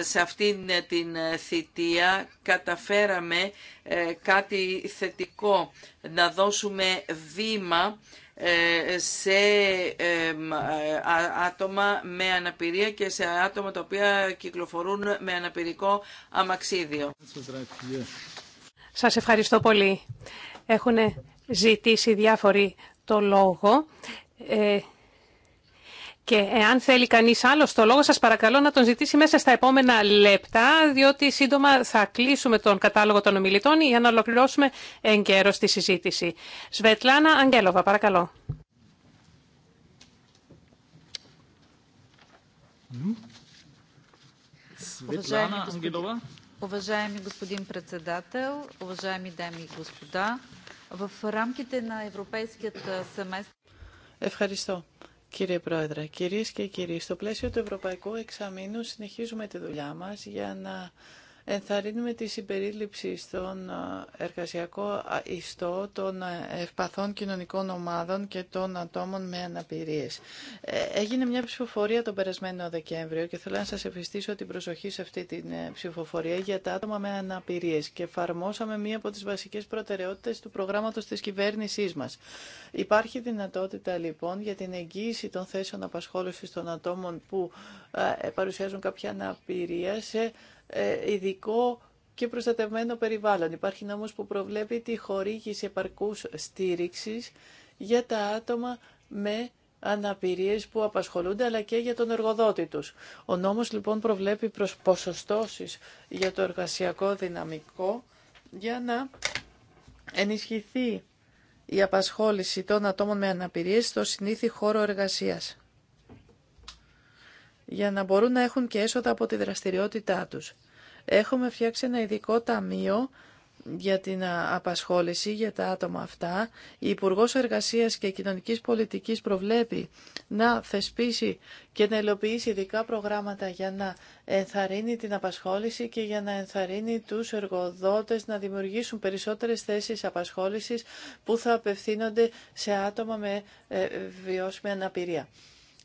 σε αυτήν την θητεία καταφέραμε κάτι θετικό, να δώσουμε βήμα ε, σε ε, άτομα με αναπηρία και σε άτομα τα οποία κυκλοφορούν με αναπηρικό αμαξίδιο. Σας ευχαριστώ πολύ. Έχουν ζητήσει διάφοροι το λόγο. Ε, και εάν θέλει κανείς άλλο το λόγο, σας παρακαλώ να τον ζητήσει μέσα στα επόμενα λεπτά, διότι σύντομα θα κλείσουμε τον κατάλογο των ομιλητών για να ολοκληρώσουμε εν καιρό στη συζήτηση. Σβετλάνα Αγγέλοβα, παρακαλώ. Уважаеми господин председател, уважаеми дами и господа, в рамките Ευχαριστώ. Κύριε Πρόεδρε, κυρίες και κύριοι, στο πλαίσιο του Ευρωπαϊκού Εξαμήνου συνεχίζουμε τη δουλειά μας για να ενθαρρύνουμε τη συμπερίληψη στον εργασιακό ιστό των ευπαθών κοινωνικών ομάδων και των ατόμων με αναπηρίες. Ε, έγινε μια ψηφοφορία τον περασμένο Δεκέμβριο και θέλω να σας ευχαριστήσω την προσοχή σε αυτή την ε, ψηφοφορία για τα άτομα με αναπηρίες και εφαρμόσαμε μία από τις βασικές προτεραιότητες του προγράμματος της κυβέρνησής μας. Υπάρχει δυνατότητα λοιπόν για την εγγύηση των θέσεων απασχόλησης των ατόμων που παρουσιάζουν κάποια αναπηρία σε ε, ειδικό και προστατευμένο περιβάλλον. Υπάρχει νόμος που προβλέπει τη χορήγηση επαρκούς στήριξης για τα άτομα με αναπηρίες που απασχολούνται αλλά και για τον εργοδότη τους. Ο νόμος λοιπόν προβλέπει προς ποσοστώσεις για το εργασιακό δυναμικό για να ενισχυθεί η απασχόληση των ατόμων με αναπηρίες στο συνήθι χώρο εργασίας για να μπορούν να έχουν και έσοδα από τη δραστηριότητά τους. Έχουμε φτιάξει ένα ειδικό ταμείο για την απασχόληση για τα άτομα αυτά. Η Υπουργός Εργασίας και Κοινωνικής Πολιτικής προβλέπει να θεσπίσει και να υλοποιήσει ειδικά προγράμματα για να ενθαρρύνει την απασχόληση και για να ενθαρρύνει τους εργοδότες να δημιουργήσουν περισσότερες θέσεις απασχόλησης που θα απευθύνονται σε άτομα με ε, ε, βιώσιμη αναπηρία.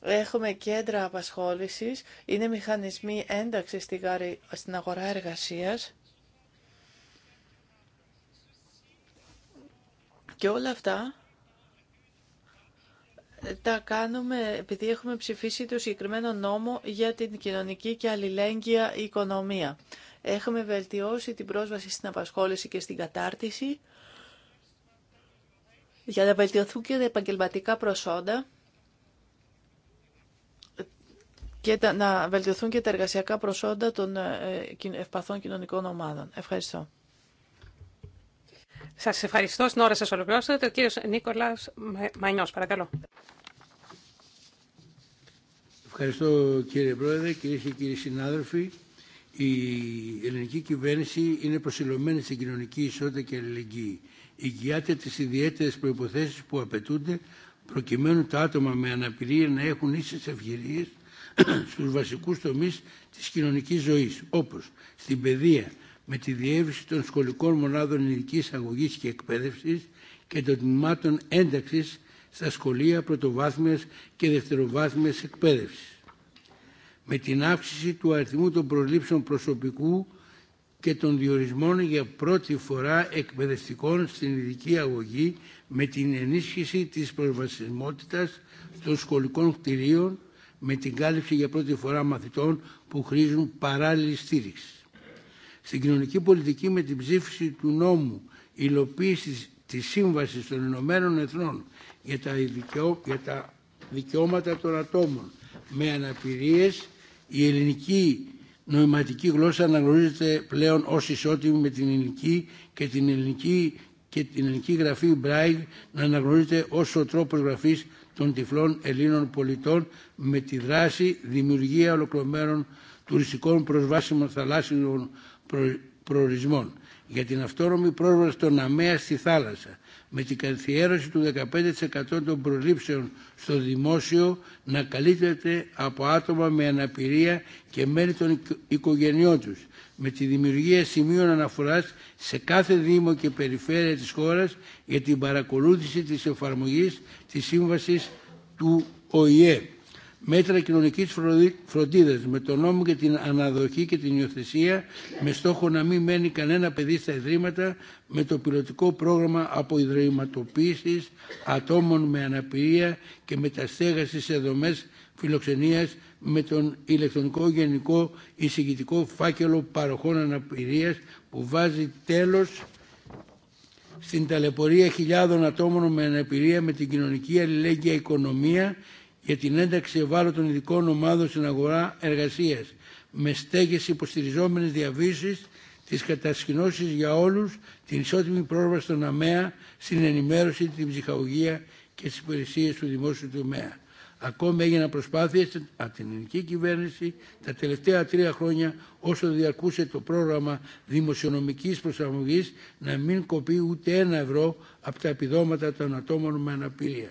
Έχουμε κέντρα απασχόλησης, είναι μηχανισμοί ένταξης στην αγορά εργασίας και όλα αυτά τα κάνουμε επειδή έχουμε ψηφίσει το συγκεκριμένο νόμο για την κοινωνική και αλληλέγγυα οικονομία. Έχουμε βελτιώσει την πρόσβαση στην απασχόληση και στην κατάρτιση για να βελτιωθούν και τα επαγγελματικά προσόντα και να βελτιωθούν και τα εργασιακά προσόντα των ε, ευπαθών κοινωνικών ομάδων. Ευχαριστώ. Σας ευχαριστώ. Στην ώρα σας ολοκληρώσατε. Ο κύριος Νίκολας Μανιός, παρακαλώ. Ευχαριστώ κύριε Πρόεδρε, κυρίε και κύριοι συνάδελφοι. Η ελληνική κυβέρνηση είναι προσιλωμένη στην κοινωνική ισότητα και αλληλεγγύη. Υγειάται τις ιδιαίτερες προϋποθέσεις που απαιτούνται προκειμένου τα άτομα με αναπηρία να έχουν ίσες ευκαιρίες στους βασικούς τομείς της κοινωνικής ζωής, όπως στην παιδεία με τη διεύρυνση των σχολικών μονάδων ειδικής αγωγής και εκπαίδευσης και των τμήματων ένταξης στα σχολεία πρωτοβάθμιας και δευτεροβάθμιας εκπαίδευσης. Με την αύξηση του αριθμού των προλήψεων προσωπικού και των διορισμών για πρώτη φορά εκπαιδευτικών στην ειδική αγωγή με την ενίσχυση της προσβασιμότητας των σχολικών κτηρίων με την κάλυψη για πρώτη φορά μαθητών που χρήζουν παράλληλη στήριξη. Στην κοινωνική πολιτική με την ψήφιση του νόμου υλοποίηση της Σύμβασης των Ηνωμένων Εθνών για τα, τα δικαιώματα των ατόμων με αναπηρίες η ελληνική νοηματική γλώσσα αναγνωρίζεται πλέον ως ισότιμη με την ελληνική και την ελληνική και την ελληνική γραφή Μπράιλ να αναγνωρίζεται ως ο τρόπος γραφής των τυφλών Ελλήνων πολιτών με τη δράση δημιουργία ολοκληρωμένων τουριστικών προσβάσιμων θαλάσσιων προορισμών για την αυτόνομη πρόσβαση των ΑΜΕΑ στη θάλασσα με την καθιέρωση του 15% των προλήψεων στο δημόσιο να καλύπτεται από άτομα με αναπηρία και μέλη των οικογενειών τους με τη δημιουργία σημείων αναφοράς σε κάθε Δήμο και Περιφέρεια της χώρας για την παρακολούθηση της εφαρμογής της Σύμβασης του ΟΗΕ. Μέτρα κοινωνικής φροντίδα, με τον νόμο και την αναδοχή και την υιοθεσία με στόχο να μην μένει κανένα παιδί στα ιδρύματα με το πιλωτικό πρόγραμμα αποϊδρυματοποίηση ατόμων με αναπηρία και μεταστέγαση σε δομές φιλοξενίας με τον ηλεκτρονικό γενικό εισηγητικό φάκελο παροχών αναπηρίας που βάζει τέλος στην ταλαιπωρία χιλιάδων ατόμων με αναπηρία με την κοινωνική αλληλέγγυα οικονομία για την ένταξη ευάλωτων ειδικών ομάδων στην αγορά εργασίας με στέγες υποστηριζόμενες διαβίσεις, τις κατασκηνώσεις για όλους, την ισότιμη πρόσβαση στον ΑΜΕΑ, στην ενημέρωση, την ψυχαγωγία και τις υπηρεσίες του δημόσιου τομέα. Ακόμη έγιναν προσπάθειες από την ελληνική κυβέρνηση τα τελευταία τρία χρόνια όσο διαρκούσε το πρόγραμμα δημοσιονομικής προσαρμογής να μην κοπεί ούτε ένα ευρώ από τα επιδόματα των ατόμων με αναπηρία.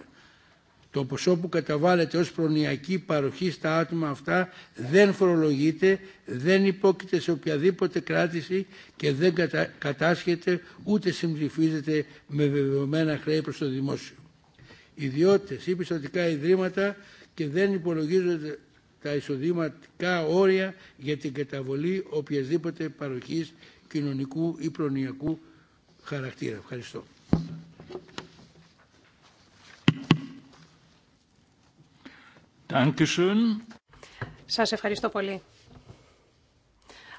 Το ποσό που καταβάλλεται ως προνοιακή παροχή στα άτομα αυτά δεν φορολογείται, δεν υπόκειται σε οποιαδήποτε κράτηση και δεν κατάσχεται ούτε συμψηφίζεται με βεβαιωμένα χρέη προς το δημόσιο. Ιδιώτε ή πιστοτικά ιδρύματα και δεν υπολογίζονται τα εισοδηματικά όρια για την καταβολή οποιασδήποτε παροχής κοινωνικού ή προνοιακού χαρακτήρα. Ευχαριστώ. Σα Σας ευχαριστώ πολύ.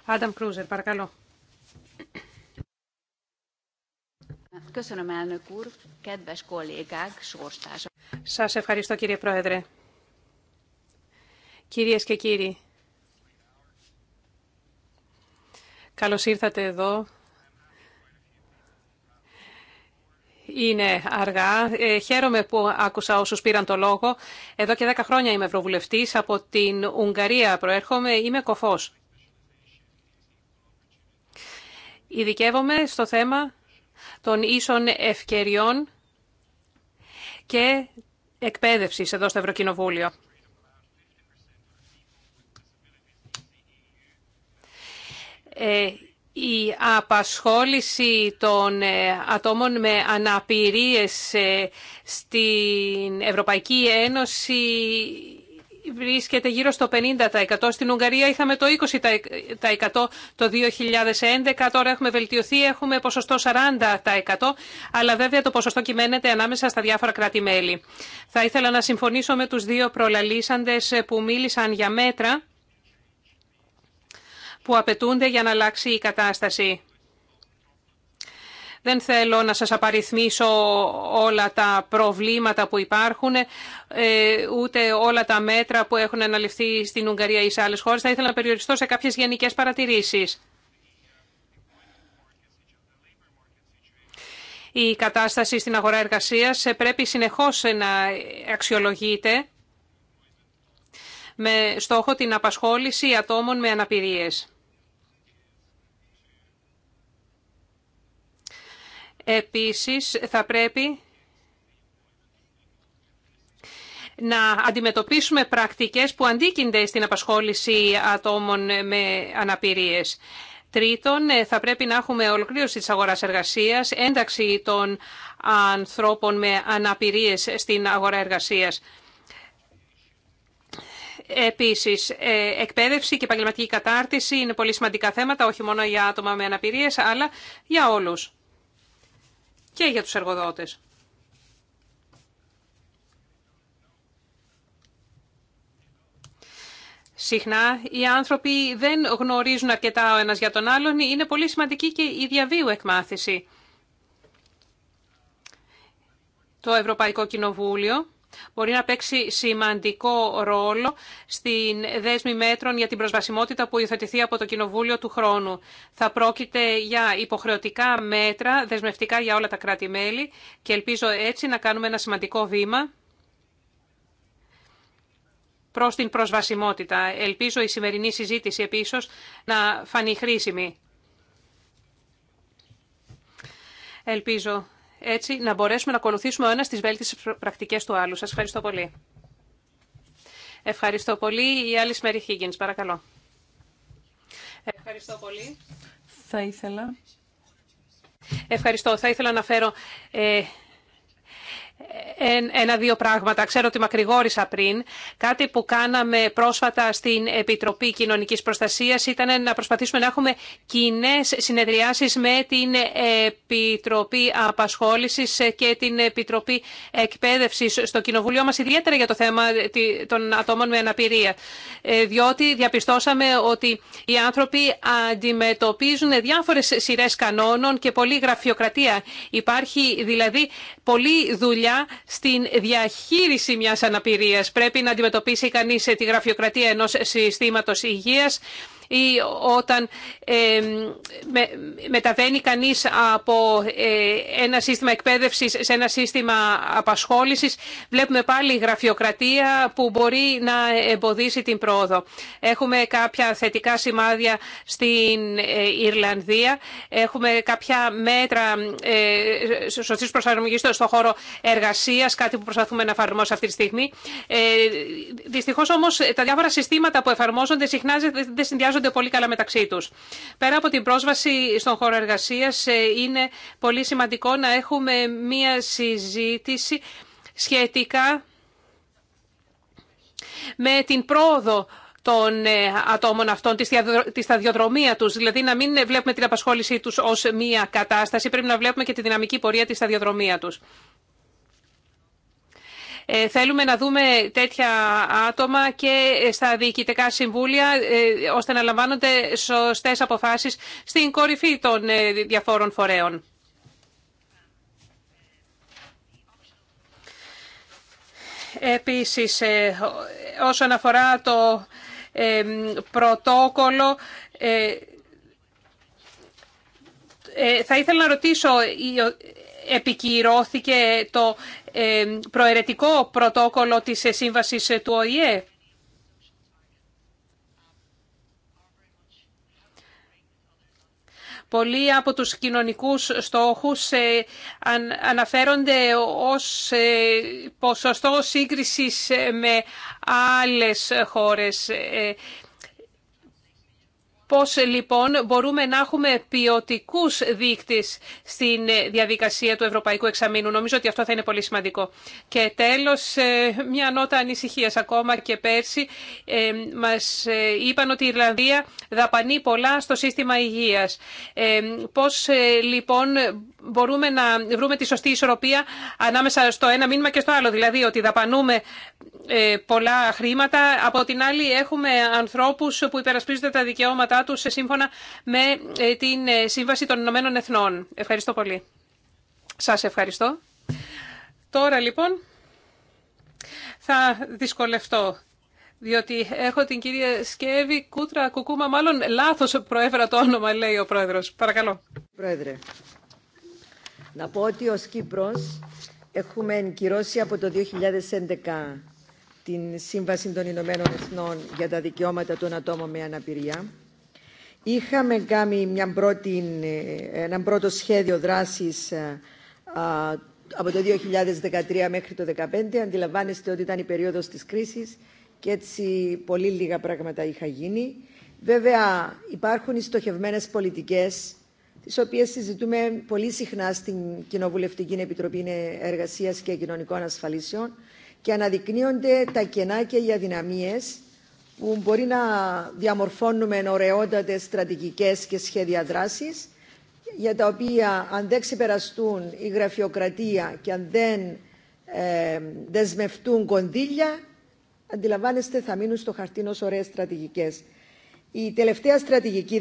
Άνταμ Κρούζερ, παρακαλώ. Σας ευχαριστώ κύριε Πρόεδρε. Κυρίες και κύριοι, καλώς ήρθατε εδώ. Είναι αργά. Ε, χαίρομαι που άκουσα όσου πήραν το λόγο. Εδώ και 10 χρόνια είμαι ευρωβουλευτής. Από την Ουγγαρία προέρχομαι. Είμαι κοφός. Ειδικεύομαι στο θέμα των ίσων ευκαιριών και εκπαίδευση εδώ στο Ευρωκοινοβούλιο. Ε, η απασχόληση των ε, ατόμων με αναπηρίες ε, στην Ευρωπαϊκή Ένωση βρίσκεται γύρω στο 50%. Στην Ουγγαρία είχαμε το 20% το 2011, τώρα έχουμε βελτιωθεί, έχουμε ποσοστό 40%, αλλά βέβαια το ποσοστό κυμαίνεται ανάμεσα στα διάφορα κράτη-μέλη. Θα ήθελα να συμφωνήσω με τους δύο προλαλήσαντες που μίλησαν για μέτρα που απαιτούνται για να αλλάξει η κατάσταση. Δεν θέλω να σας απαριθμίσω όλα τα προβλήματα που υπάρχουν, ε, ούτε όλα τα μέτρα που έχουν αναλυφθεί στην Ουγγαρία ή σε άλλες χώρες. Θα ήθελα να περιοριστώ σε κάποιες γενικές παρατηρήσεις. Η κατάσταση στην αγορά εργασίας πρέπει συνεχώς να αξιολογείται με στόχο την απασχόληση ατόμων με αναπηρίες. Επίσης, θα πρέπει να αντιμετωπίσουμε πρακτικές που αντίκυνται στην απασχόληση ατόμων με αναπηρίες. Τρίτον, θα πρέπει να έχουμε ολοκλήρωση της αγοράς εργασίας, ένταξη των ανθρώπων με αναπηρίες στην αγορά εργασίας. Επίσης, ε, εκπαίδευση και επαγγελματική κατάρτιση είναι πολύ σημαντικά θέματα, όχι μόνο για άτομα με αναπηρίες, αλλά για όλους και για τους εργοδότες. Συχνά οι άνθρωποι δεν γνωρίζουν αρκετά ο ένας για τον άλλον. Είναι πολύ σημαντική και η διαβίου εκμάθηση. Το Ευρωπαϊκό Κοινοβούλιο μπορεί να παίξει σημαντικό ρόλο στην δέσμη μέτρων για την προσβασιμότητα που υιοθετηθεί από το Κοινοβούλιο του χρόνου. Θα πρόκειται για υποχρεωτικά μέτρα, δεσμευτικά για όλα τα κράτη-μέλη και ελπίζω έτσι να κάνουμε ένα σημαντικό βήμα προς την προσβασιμότητα. Ελπίζω η σημερινή συζήτηση επίσης να φανεί χρήσιμη. Ελπίζω έτσι να μπορέσουμε να ακολουθήσουμε ο ένας τις βέλτιστες πρακτικές του άλλου. Σας ευχαριστώ πολύ. Ευχαριστώ πολύ. Η άλλη Μέρι Χίγγιν, παρακαλώ. Ευχαριστώ πολύ. Θα ήθελα. Ευχαριστώ. Θα ήθελα να φέρω ε, ένα-δύο πράγματα. Ξέρω ότι μακρηγόρησα πριν. Κάτι που κάναμε πρόσφατα στην Επιτροπή Κοινωνικής προστασία ήταν να προσπαθήσουμε να έχουμε κοινέ συνεδριάσεις με την Επιτροπή Απασχόλησης και την Επιτροπή Εκπαίδευσης στο Κοινοβουλίο μα ιδιαίτερα για το θέμα των ατόμων με αναπηρία. Ε, διότι διαπιστώσαμε ότι οι άνθρωποι αντιμετωπίζουν διάφορε σειρέ κανόνων και πολλή γραφειοκρατία. Υπάρχει δηλαδή πολλή δουλειά στην διαχείριση μιας αναπηρίας. Πρέπει να αντιμετωπίσει κανείς τη γραφειοκρατία ενός συστήματος υγείας, ή όταν μεταβαίνει κανείς από ε, ένα σύστημα εκπαίδευσης σε ένα σύστημα απασχόλησης, βλέπουμε πάλι γραφειοκρατία που μπορεί να εμποδίσει την πρόοδο. Έχουμε κάποια θετικά σημάδια στην ε, Ιρλανδία, έχουμε κάποια μέτρα ε, σωστής προσαρμογής στον χώρο εργασίας, κάτι που προσπαθούμε να εφαρμόσουμε αυτή τη στιγμή. Δυστυχώ όμως τα διάφορα συστήματα που εφαρμόζονται συχνά δεν συνδυάζονται πολύ καλά μεταξύ τους. Πέρα από την πρόσβαση στον χώρο εργασίας, ε, είναι πολύ σημαντικό να έχουμε μία συζήτηση σχετικά με την πρόοδο των ε, ατόμων αυτών, τη σταδιοδρομία του. Δηλαδή να μην βλέπουμε την απασχόλησή του ω μία κατάσταση, πρέπει να βλέπουμε και τη δυναμική πορεία τη σταδιοδρομία του. Ε, θέλουμε να δούμε τέτοια άτομα και στα διοικητικά συμβούλια ε, ώστε να λαμβάνονται σωστές αποφάσεις στην κορυφή των ε, διαφόρων φορέων. Επίσης, όσον αφορά το πρωτόκολλο ε, θα ήθελα να ρωτήσω, επικυρώθηκε το ε, προαιρετικό πρωτόκολλο της ε, σύμβασης του ΟΗΕ. Πολλοί από τους κοινωνικούς στόχους αναφέρονται ως ποσοστό σύγκρισης με άλλες χώρες. Πώς λοιπόν μπορούμε να έχουμε ποιοτικού δείκτες στην ε, διαδικασία του Ευρωπαϊκού Εξαμήνου. Νομίζω ότι αυτό θα είναι πολύ σημαντικό. Και τέλος, ε, μια νότα ανησυχίας ακόμα και πέρσι. Ε, μας είπαν ότι η Ιρλανδία δαπανεί πολλά στο σύστημα υγείας. Πώς λοιπόν μπορούμε να βρούμε τη σωστή ισορροπία ανάμεσα στο ένα μήνυμα και στο άλλο. Δηλαδή ότι δαπανούμε ε, πολλά χρήματα, από την άλλη έχουμε ανθρώπους που υπερασπίζονται τα δικαιώματά τους ε, σύμφωνα με ε, την Σύμβαση των Ηνωμένων Εθνών. Ευχαριστώ πολύ. Σας ευχαριστώ. Τώρα λοιπόν θα δυσκολευτώ διότι έχω την κυρία Σκέβη Κούτρα Κουκούμα, μάλλον λάθος προέβρα το όνομα, λέει ο Πρόεδρος. Παρακαλώ. Πρόεδρε, να πω ότι ως Κύπρος έχουμε κυρώσει από το 2011 την Σύμβαση των Ηνωμένων Εθνών για τα δικαιώματα των ατόμων με αναπηρία. Είχαμε κάνει μια πρώτη, ε, ένα πρώτο σχέδιο δράσης ε, από το 2013 μέχρι το 2015. Αντιλαμβάνεστε ότι ήταν η περίοδος της κρίσης και έτσι πολύ λίγα πράγματα είχα γίνει. Βέβαια υπάρχουν οι στοχευμένες πολιτικές τις οποίες συζητούμε πολύ συχνά στην Κοινοβουλευτική Επιτροπή Εργασίας και Κοινωνικών Ασφαλίσεων και αναδεικνύονται τα κενά και οι αδυναμίες που μπορεί να διαμορφώνουμε ωραιότατες στρατηγικές και σχέδια δράσης για τα οποία αν δεν ξεπεραστούν η γραφειοκρατία και αν δεν ε, δεσμευτούν κονδύλια αντιλαμβάνεστε θα μείνουν στο χαρτί ως ωραίες στρατηγικές. Η τελευταία στρατηγική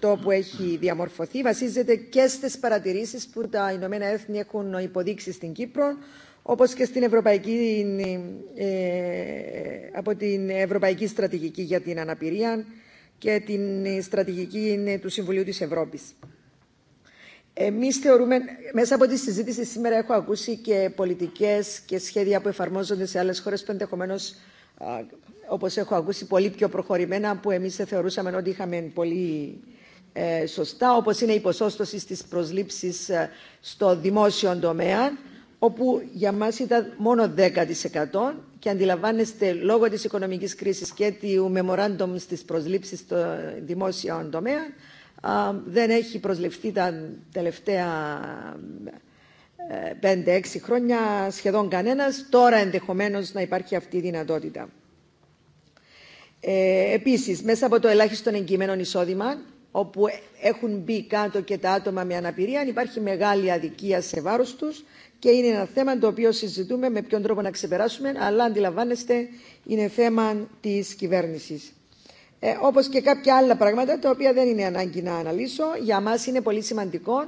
1828 που έχει διαμορφωθεί βασίζεται και στις παρατηρήσεις που τα Ηνωμένα Έθνη έχουν υποδείξει στην Κύπρο όπως και στην Ευρωπαϊκή, ε, από την Ευρωπαϊκή Στρατηγική για την Αναπηρία και την Στρατηγική του Συμβουλίου της Ευρώπης. Εμείς θεωρούμε, μέσα από τη συζήτηση σήμερα έχω ακούσει και πολιτικές και σχέδια που εφαρμόζονται σε άλλες χώρες που ενδεχομένω όπως έχω ακούσει, πολύ πιο προχωρημένα που εμείς θεωρούσαμε ότι είχαμε πολύ ε, σωστά, όπως είναι η ποσόστοση της προσλήψης ε, στο δημόσιο τομέα, όπου για μας ήταν μόνο 10% και αντιλαμβάνεστε λόγω της οικονομικής κρίσης και του memorandum στις προσλήψεις στο δημόσιο τομέα, δεν έχει προσληφθεί τα τελευταία 5-6 χρόνια σχεδόν κανένας. Τώρα ενδεχομένως να υπάρχει αυτή η δυνατότητα. Ε, επίσης, μέσα από το ελάχιστο εγκυμένο εισόδημα, όπου έχουν μπει κάτω και τα άτομα με αναπηρία, υπάρχει μεγάλη αδικία σε βάρος τους και είναι ένα θέμα το οποίο συζητούμε με ποιον τρόπο να ξεπεράσουμε, αλλά αντιλαμβάνεστε είναι θέμα της κυβέρνησης. Ε, όπως και κάποια άλλα πράγματα, τα οποία δεν είναι ανάγκη να αναλύσω, για μας είναι πολύ σημαντικό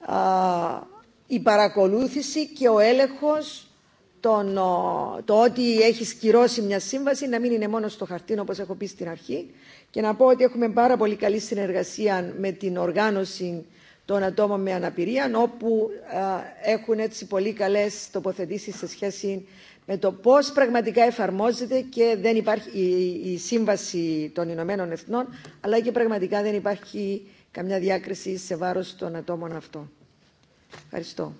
α, η παρακολούθηση και ο έλεγχος τον, το ότι έχει σκυρώσει μια σύμβαση να μην είναι μόνο στο χαρτί όπως έχω πει στην αρχή και να πω ότι έχουμε πάρα πολύ καλή συνεργασία με την οργάνωση των ατόμων με αναπηρία όπου έχουν έτσι πολύ καλές τοποθετήσεις σε σχέση με το πώς πραγματικά εφαρμόζεται και δεν υπάρχει η, η σύμβαση των Ηνωμένων Εθνών αλλά και πραγματικά δεν υπάρχει καμιά διάκριση σε βάρος των ατόμων αυτών. Ευχαριστώ.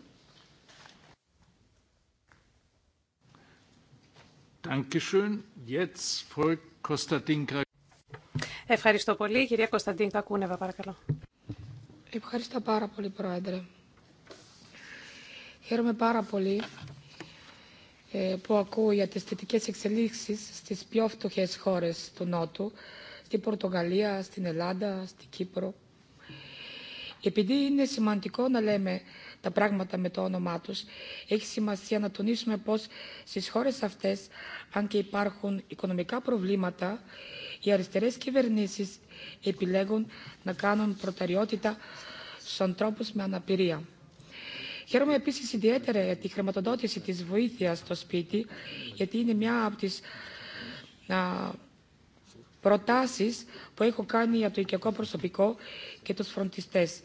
Ευχαριστώ πολύ. Κυρία Κωνσταντίν Κούνεβα, παρακαλώ. Ευχαριστώ πάρα πολύ, Πρόεδρε. Χαίρομαι πάρα πολύ ε, που ακούω για τις θετικέ εξελίξεις στις πιο φτωχέ χώρες του Νότου, στην Πορτογαλία, στην Ελλάδα, στην Κύπρο. Επειδή είναι σημαντικό να λέμε τα πράγματα με το όνομά τους, έχει σημασία να τονίσουμε πως στις χώρες αυτές, αν και υπάρχουν οικονομικά προβλήματα, οι αριστερές κυβερνήσεις επιλέγουν να κάνουν προτεραιότητα στους ανθρώπους με αναπηρία. Χαίρομαι επίσης ιδιαίτερα για τη χρηματοδότηση της βοήθειας στο σπίτι, γιατί είναι μια από τις προτάσεις που έχω κάνει για το οικιακό προσωπικό και τους φροντιστές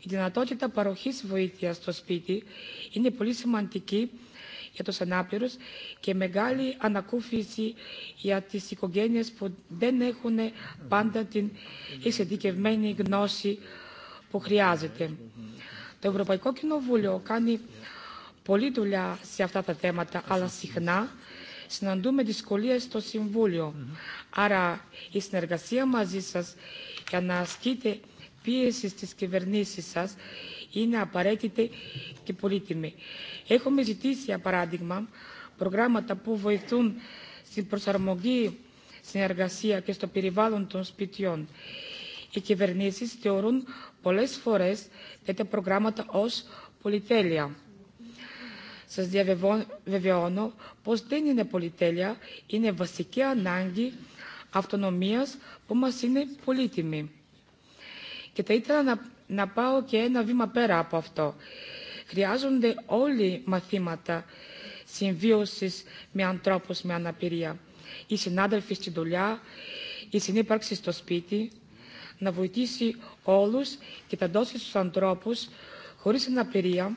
η δυνατότητα παροχής βοήθειας στο σπίτι είναι πολύ σημαντική για τους ανάπηρους και μεγάλη ανακούφιση για τις οικογένειες που δεν έχουν πάντα την εξειδικευμένη γνώση που χρειάζεται. Το Ευρωπαϊκό Κοινοβούλιο κάνει πολλή δουλειά σε αυτά τα θέματα, αλλά συχνά συναντούμε δυσκολίες στο Συμβούλιο. Άρα η συνεργασία μαζί σας για να ασκείτε πίεση τη κυβερνήσει σα είναι απαραίτητη και πολύτιμη. Έχουμε ζητήσει, για παράδειγμα, προγράμματα που βοηθούν στην προσαρμογή στην εργασία και στο περιβάλλον των σπιτιών. Οι κυβερνήσει θεωρούν πολλέ φορές τέτοια προγράμματα ω πολυτέλεια. Σα διαβεβαιώνω πω δεν είναι πολυτέλεια, είναι βασική ανάγκη αυτονομία που μα είναι πολύτιμη. Και θα ήθελα να, να πάω και ένα βήμα πέρα από αυτό. Χρειάζονται όλοι μαθήματα συμβίωσης με ανθρώπους με αναπηρία. Οι συνάδελφοι στη δουλειά, η συνύπαρξη στο σπίτι, να βοηθήσει όλους και θα δώσει στους ανθρώπους χωρίς αναπηρία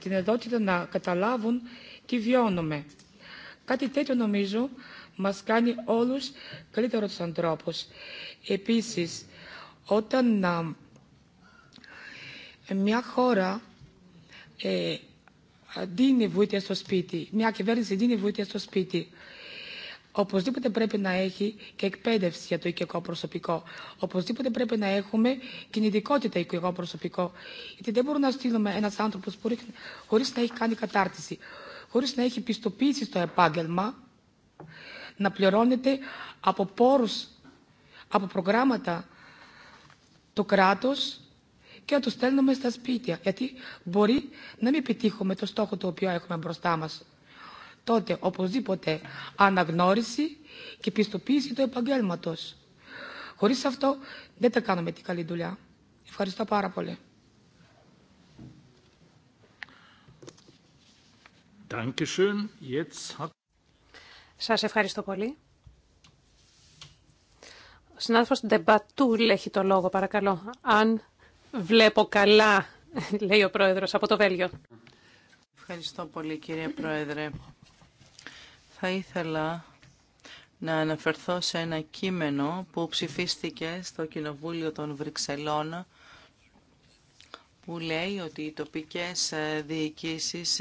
την εδότητα να καταλάβουν τι βιώνουμε. Κάτι τέτοιο νομίζω μας κάνει όλους καλύτερους ανθρώπους. Επίσης, όταν μια χώρα δίνει ε, βοήθεια στο σπίτι, μια κυβέρνηση δίνει βοήθεια στο σπίτι, Οπωσδήποτε πρέπει να έχει και εκπαίδευση για το οικιακό προσωπικό. Οπωσδήποτε πρέπει να έχουμε κινητικότητα οικιακό προσωπικό. Γιατί δεν μπορούμε να στείλουμε ένα άνθρωπο χωρί να έχει κάνει κατάρτιση, χωρί να έχει πιστοποίηση στο επάγγελμα, να πληρώνεται από πόρου, από προγράμματα το κράτος και να το στέλνουμε στα σπίτια, γιατί μπορεί να μην πετύχουμε το στόχο το οποίο έχουμε μπροστά μας. Τότε οπωσδήποτε αναγνώριση και πιστοποίηση του επαγγέλματος. Χωρίς αυτό δεν θα κάνουμε την καλή δουλειά. Ευχαριστώ πάρα πολύ. Σας ευχαριστώ πολύ συνάδελφο Ντεμπατούλ έχει το λόγο, παρακαλώ. Αν βλέπω καλά, λέει ο πρόεδρος από το Βέλγιο. Ευχαριστώ πολύ κύριε πρόεδρε. Θα ήθελα να αναφερθώ σε ένα κείμενο που ψηφίστηκε στο Κοινοβούλιο των Βρυξελών που λέει ότι οι τοπικές διοικήσεις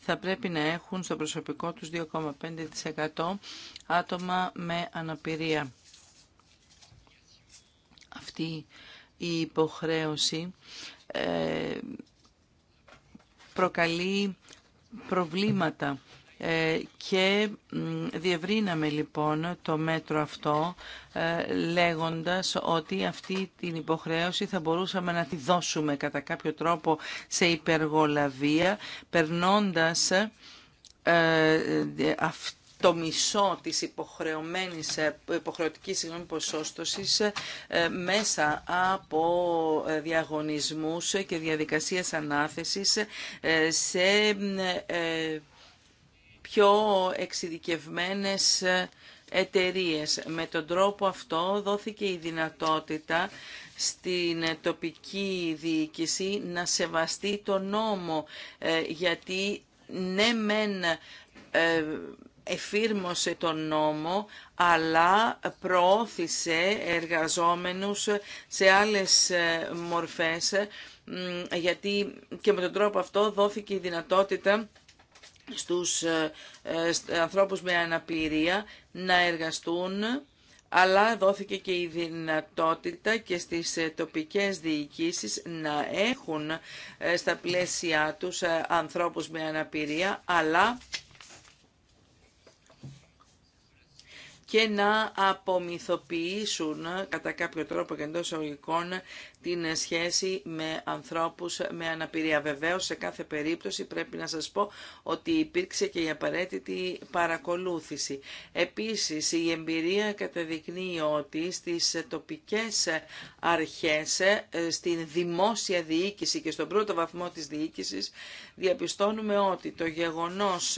θα πρέπει να έχουν στο προσωπικό τους 2,5% άτομα με αναπηρία αυτή η υποχρέωση ε, προκαλεί προβλήματα ε, και διευρύναμε λοιπόν το μέτρο αυτό ε, λέγοντας ότι αυτή την υποχρέωση θα μπορούσαμε να τη δώσουμε κατά κάποιο τρόπο σε υπεργολαβία περνώντας αυτή το μισό της υποχρεωμένης, ε, υποχρεωτικής συγγνώμη, ε, ε, μέσα από διαγωνισμούς και διαδικασίες ανάθεσης σε πιο εξειδικευμένες εταιρείες. Με τον τρόπο αυτό δόθηκε η δυνατότητα στην τοπική διοίκηση να σεβαστεί το νόμο, γιατί ναι μεν εφήρμοσε τον νόμο αλλά προώθησε εργαζόμενους σε άλλες ε, μορφές γιατί και με τον τρόπο αυτό δόθηκε η δυνατότητα στους ε, ε, ανθρώπους με αναπηρία να εργαστούν αλλά δόθηκε και η δυνατότητα και στις τοπικές διοικήσεις να έχουν στα πλαίσια τους ανθρώπους με αναπηρία αλλά και να απομυθοποιήσουν κατά κάποιο τρόπο και εντό εισαγωγικών την σχέση με ανθρώπους με αναπηρία. Βεβαίως σε κάθε περίπτωση πρέπει να σας πω ότι υπήρξε και η απαραίτητη παρακολούθηση. Επίσης η εμπειρία καταδεικνύει ότι στις τοπικές αρχές, στην δημόσια διοίκηση και στον πρώτο βαθμό της διοίκησης διαπιστώνουμε ότι το γεγονός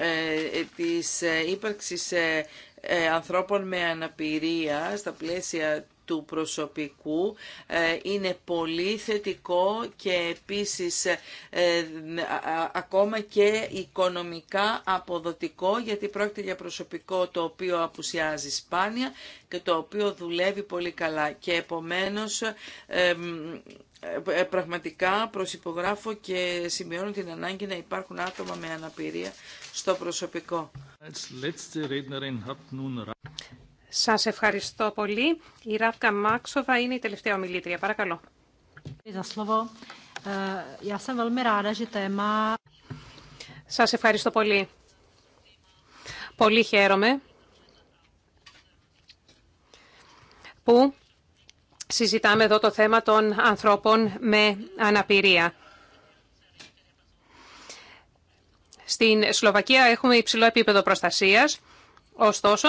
ε, της ύπαρξης ε, ε, ανθρώπων με αναπηρία στα πλαίσια του προσωπικού ε, είναι πολύ θετικό και επίσης ε, ακόμα και οικονομικά αποδοτικό γιατί πρόκειται για προσωπικό το οποίο απουσιάζει σπάνια και το οποίο δουλεύει πολύ καλά και επομένως πραγματικά προσυπογράφω και σημειώνω την ανάγκη να υπάρχουν άτομα με αναπηρία στο προσωπικό. Σας ευχαριστώ πολύ. Η Ράφκα Μάξοβα είναι η τελευταία ομιλήτρια. Παρακαλώ. Ε, Σας ευχαριστώ πολύ. Πολύ χαίρομαι που συζητάμε εδώ το θέμα των ανθρώπων με αναπηρία. Στην Σλοβακία έχουμε υψηλό επίπεδο προστασίας, ωστόσο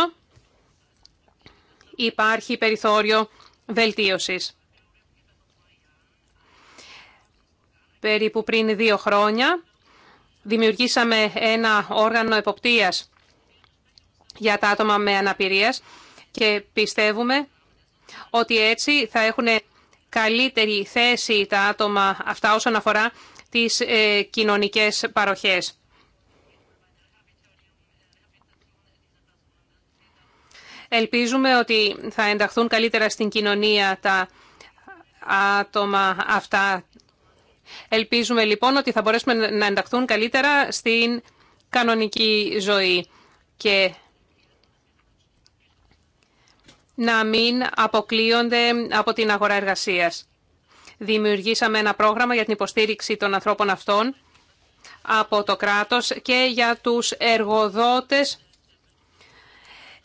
υπάρχει περιθώριο βελτίωσης. Περίπου πριν δύο χρόνια δημιουργήσαμε ένα όργανο εποπτείας για τα άτομα με αναπηρίας και πιστεύουμε ότι έτσι θα έχουν καλύτερη θέση τα άτομα αυτά όσον αφορά τις ε, κοινωνικές παροχές. Ελπίζουμε ότι θα ενταχθούν καλύτερα στην κοινωνία τα άτομα αυτά. Ελπίζουμε λοιπόν ότι θα μπορέσουμε να ενταχθούν καλύτερα στην κανονική ζωή και να μην αποκλείονται από την αγορά εργασίας. Δημιουργήσαμε ένα πρόγραμμα για την υποστήριξη των ανθρώπων αυτών από το κράτος και για τους εργοδότες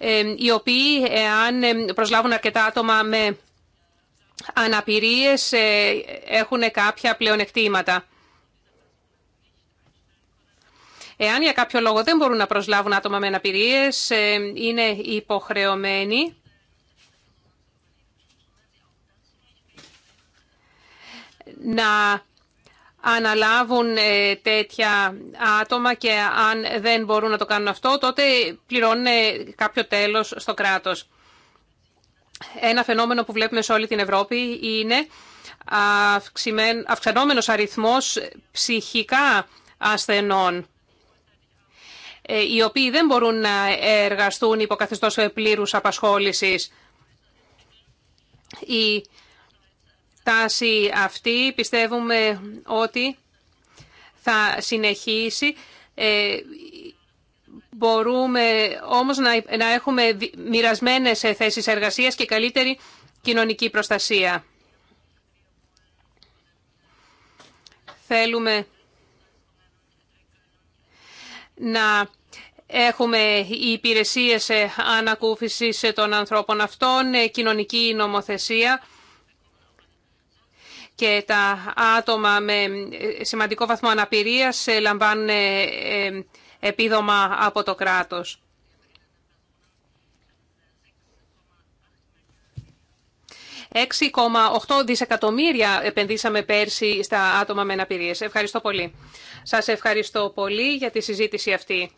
ε, οι οποίοι εάν ε, προσλάβουν αρκετά άτομα με αναπηρίες ε, έχουν κάποια πλεονεκτήματα. Εάν για κάποιο λόγο δεν μπορούν να προσλάβουν άτομα με αναπηρίες, είναι υποχρεωμένοι να αναλάβουν ε, τέτοια άτομα και αν δεν μπορούν να το κάνουν αυτό, τότε πληρώνουν ε, κάποιο τέλος στο κράτος. Ένα φαινόμενο που βλέπουμε σε όλη την Ευρώπη είναι αυξανόμενος αριθμός ψυχικά ασθενών ε, οι οποίοι δεν μπορούν να εργαστούν υπό καθεστώς πλήρους απασχόλησης. Οι τάση αυτή πιστεύουμε ότι θα συνεχίσει. Ε, μπορούμε όμως να έχουμε μοιρασμένες θέσεις εργασίας και καλύτερη κοινωνική προστασία. Θέλουμε να έχουμε υπηρεσίες ανακούφισης των ανθρώπων αυτών, κοινωνική νομοθεσία και τα άτομα με σημαντικό βαθμό αναπηρίας ε, λαμβάνουν ε, ε, επίδομα από το κράτος. ...6,8 δισεκατομμύρια επενδύσαμε πέρσι στα άτομα με αναπηρίες. Ευχαριστώ πολύ. Σας ευχαριστώ πολύ για τη συζήτηση αυτή.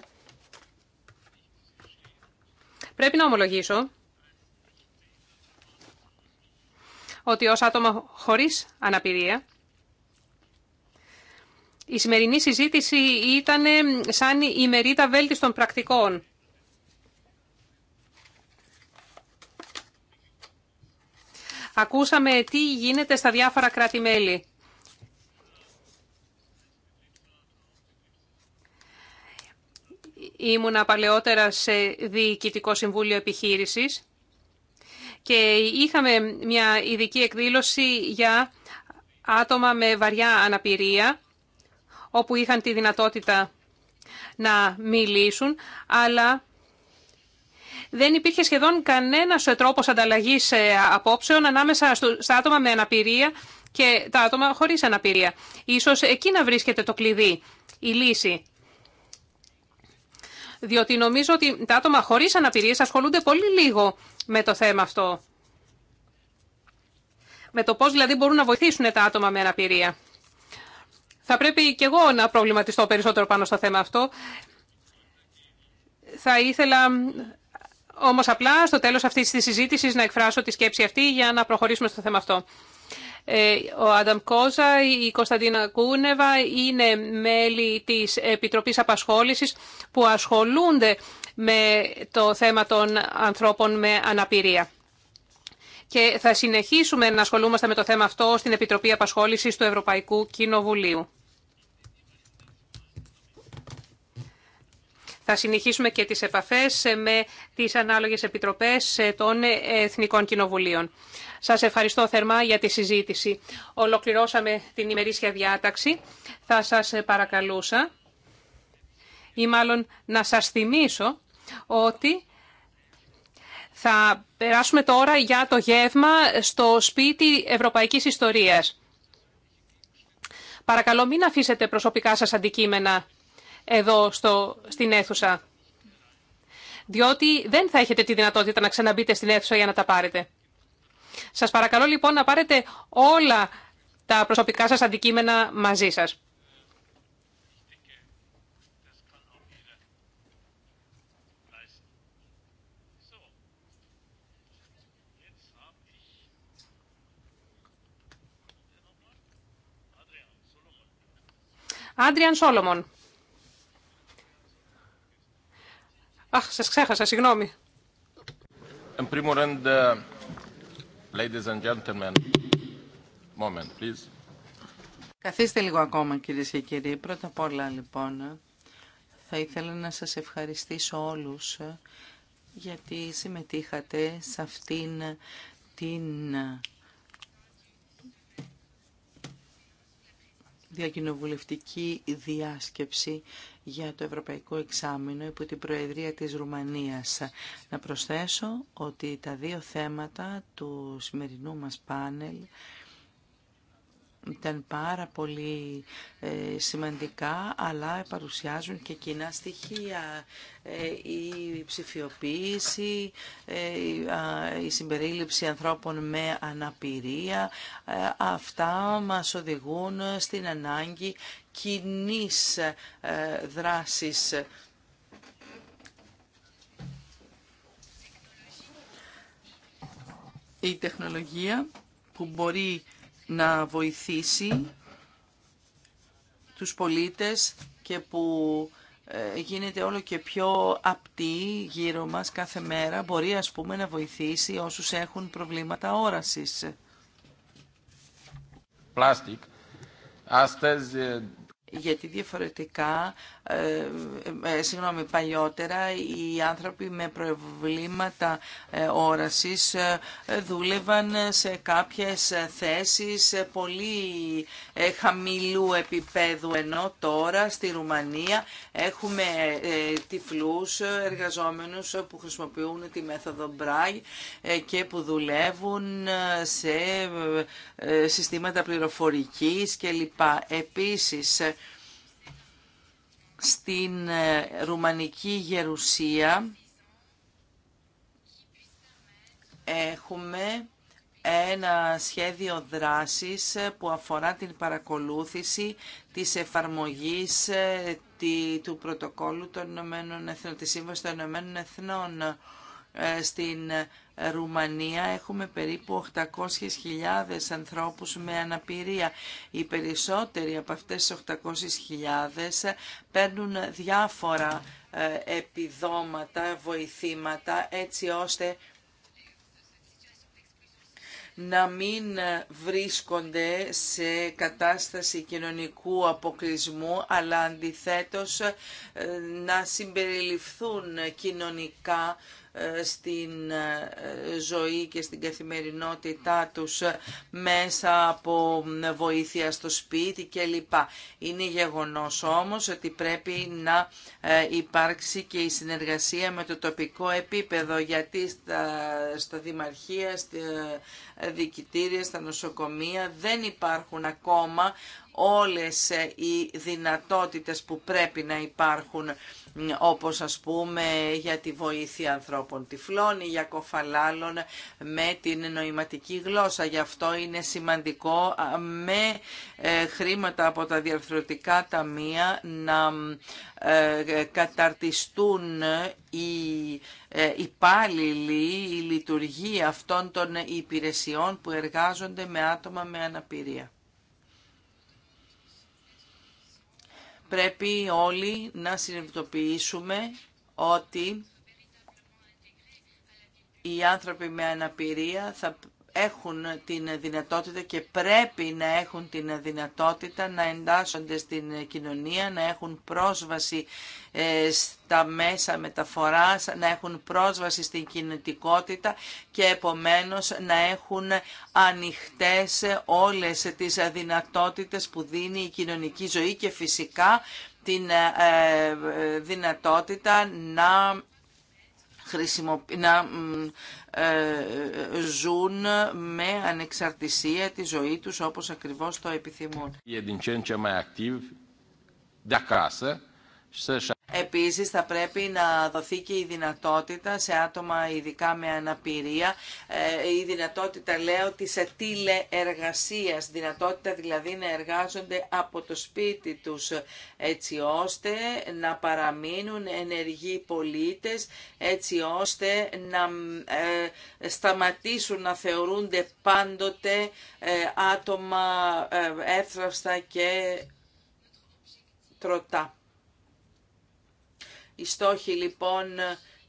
Πρέπει να ομολογήσω ότι ως άτομα χωρίς αναπηρία η σημερινή συζήτηση ήταν ε, σαν η μερίδα βέλτιστων πρακτικών. Ακούσαμε τι γίνεται στα διάφορα κράτη-μέλη. Ήμουνα παλαιότερα σε Διοικητικό Συμβούλιο Επιχείρησης και είχαμε μια ειδική εκδήλωση για άτομα με βαριά αναπηρία, όπου είχαν τη δυνατότητα να μιλήσουν, αλλά δεν υπήρχε σχεδόν κανένας τρόπος ανταλλαγής ε, απόψεων ανάμεσα στα άτομα με αναπηρία και τα άτομα χωρίς αναπηρία. Ίσως εκεί να βρίσκεται το κλειδί, η λύση. Διότι νομίζω ότι τα άτομα χωρίς αναπηρίες ασχολούνται πολύ λίγο με το θέμα αυτό. Με το πώς δηλαδή μπορούν να βοηθήσουν τα άτομα με αναπηρία. Θα πρέπει και εγώ να προβληματιστώ περισσότερο πάνω στο θέμα αυτό. Θα ήθελα όμως απλά στο τέλος αυτής της συζήτησης να εκφράσω τη σκέψη αυτή για να προχωρήσουμε στο θέμα αυτό. Ε, ο Άνταμ Κόζα, η Κωνσταντίνα Κούνεβα είναι μέλη της Επιτροπής Απασχόλησης που ασχολούνται με το θέμα των ανθρώπων με αναπηρία. Και θα συνεχίσουμε να ασχολούμαστε με το θέμα αυτό στην Επιτροπή Απασχόλησης του Ευρωπαϊκού Κοινοβουλίου. Θα συνεχίσουμε και τις επαφές με τις ανάλογες επιτροπές των Εθνικών Κοινοβουλίων. Σας ευχαριστώ θερμά για τη συζήτηση. Ολοκληρώσαμε την ημερήσια διάταξη. Θα σας παρακαλούσα ή μάλλον να σας θυμίσω ότι θα περάσουμε τώρα για το γεύμα στο σπίτι Ευρωπαϊκής Ιστορίας. Παρακαλώ μην αφήσετε προσωπικά σας αντικείμενα εδώ στο, στην αίθουσα, διότι δεν θα έχετε τη δυνατότητα να ξαναμπείτε στην αίθουσα για να τα πάρετε. Σας παρακαλώ λοιπόν να πάρετε όλα τα προσωπικά σας αντικείμενα μαζί σας. Άντριαν Σόλομον. Αχ, σας ξέχασα, συγγνώμη. Ε, ladies and gentlemen, moment, please. Καθίστε λίγο ακόμα, κυρίες και κύριοι. Πρώτα απ' όλα, λοιπόν, ε, θα ήθελα να σας ευχαριστήσω όλους ε, γιατί συμμετείχατε σε αυτήν την διακοινοβουλευτική διάσκεψη για το Ευρωπαϊκό Εξάμεινο υπό την Προεδρία της Ρουμανίας. Να προσθέσω ότι τα δύο θέματα του σημερινού μας πάνελ ήταν πάρα πολύ ε, σημαντικά, αλλά παρουσιάζουν και κοινά στοιχεία. Ε, η ψηφιοποίηση, ε, η συμπερίληψη ανθρώπων με αναπηρία, αυτά μας οδηγούν στην ανάγκη κοινής δράσης. Η τεχνολογία που μπορεί να βοηθήσει τους πολίτες και που ε, γίνεται όλο και πιο απτή γύρω μας κάθε μέρα, μπορεί ας πούμε να βοηθήσει όσους έχουν προβλήματα όρασης. πλάστικ Astăzi γιατί διαφορετικά, ε, ε, ε, συγγνώμη, παλιότερα οι άνθρωποι με προβλήματα όρασης δούλευαν σε κάποιες θέσεις πολύ χαμηλού επίπεδου, ενώ τώρα στη Ρουμανία έχουμε τυφλούς εργαζόμενους που χρησιμοποιούν τη μέθοδο Μπράγ και που δουλεύουν σε συστήματα πληροφορικής κλπ. Επίσης, στην ε, Ρουμανική Γερουσία έχουμε ένα σχέδιο δράσης ε, που αφορά την παρακολούθηση της εφαρμογής ε, του πρωτοκόλλου των Ηνωμένων Εθνών, της Σύμβασης των Ηνωμένων Εθνών στην Ρουμανία έχουμε περίπου 800.000 ανθρώπους με αναπηρία. Οι περισσότεροι από αυτές τις 800.000 παίρνουν διάφορα ε, επιδόματα, βοηθήματα, έτσι ώστε να μην βρίσκονται σε κατάσταση κοινωνικού αποκλεισμού, αλλά αντιθέτως ε, να συμπεριληφθούν κοινωνικά στην ε, ζωή και στην καθημερινότητά τους μέσα από βοήθεια στο σπίτι κλπ. Είναι γεγονός όμως ότι πρέπει να ε, υπάρξει και η συνεργασία με το τοπικό επίπεδο γιατί στα, στα δημαρχία, στα ε, διοικητήρια, στα νοσοκομεία δεν υπάρχουν ακόμα όλες ε, οι δυνατότητες που πρέπει να υπάρχουν όπως ας πούμε για τη βοήθεια ανθρώπων τυφλών ή για κοφαλάλων με την νοηματική γλώσσα. Γι' αυτό είναι σημαντικό με ε, χρήματα από τα διαρθρωτικά ταμεία να ε, καταρτιστούν οι υπάλληλοι, η λειτουργία αυτών των υπηρεσιών που εργάζονται με άτομα με αναπηρία. πρέπει όλοι να συνειδητοποιήσουμε ότι οι άνθρωποι με αναπηρία θα έχουν την δυνατότητα και πρέπει να έχουν την δυνατότητα να εντάσσονται στην κοινωνία, να έχουν πρόσβαση ε, στα μέσα μεταφοράς, να έχουν πρόσβαση στην κινητικότητα και επομένως να έχουν ανοιχτές όλες τις δυνατότητες που δίνει η κοινωνική ζωή και φυσικά την ε, ε, δυνατότητα να χρησιμοποι... να ε, ε, ζουν με ανεξαρτησία τη ζωή τους όπως ακριβώς το επιθυμούν. Η εντυπωσία είναι πιο active, da Επίσης θα πρέπει να δοθεί και η δυνατότητα σε άτομα ειδικά με αναπηρία, ε, η δυνατότητα λέω της τηλεεργασίας, δυνατότητα δηλαδή να εργάζονται από το σπίτι τους έτσι ώστε να παραμείνουν ενεργοί πολίτες, έτσι ώστε να ε, σταματήσουν να θεωρούνται πάντοτε ε, άτομα έθραυστα και τροτά. Οι στόχοι λοιπόν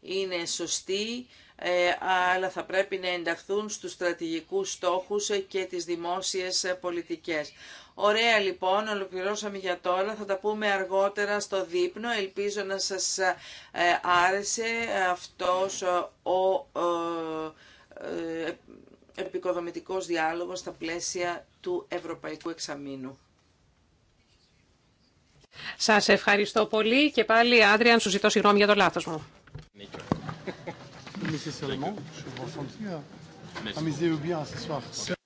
είναι σωστοί, ε, αλλά θα πρέπει να ενταχθούν στους στρατηγικούς στόχους και τις δημόσιες πολιτικές. Ωραία λοιπόν, ολοκληρώσαμε για τώρα, θα τα πούμε αργότερα στο δείπνο. Ελπίζω να σας ε, άρεσε αυτός ο ε, επικοδομητικός διάλογος στα πλαίσια του Ευρωπαϊκού Εξαμήνου. Σα ευχαριστώ πολύ και πάλι, Άντριαν, σου ζητώ συγγνώμη για το λάθο μου.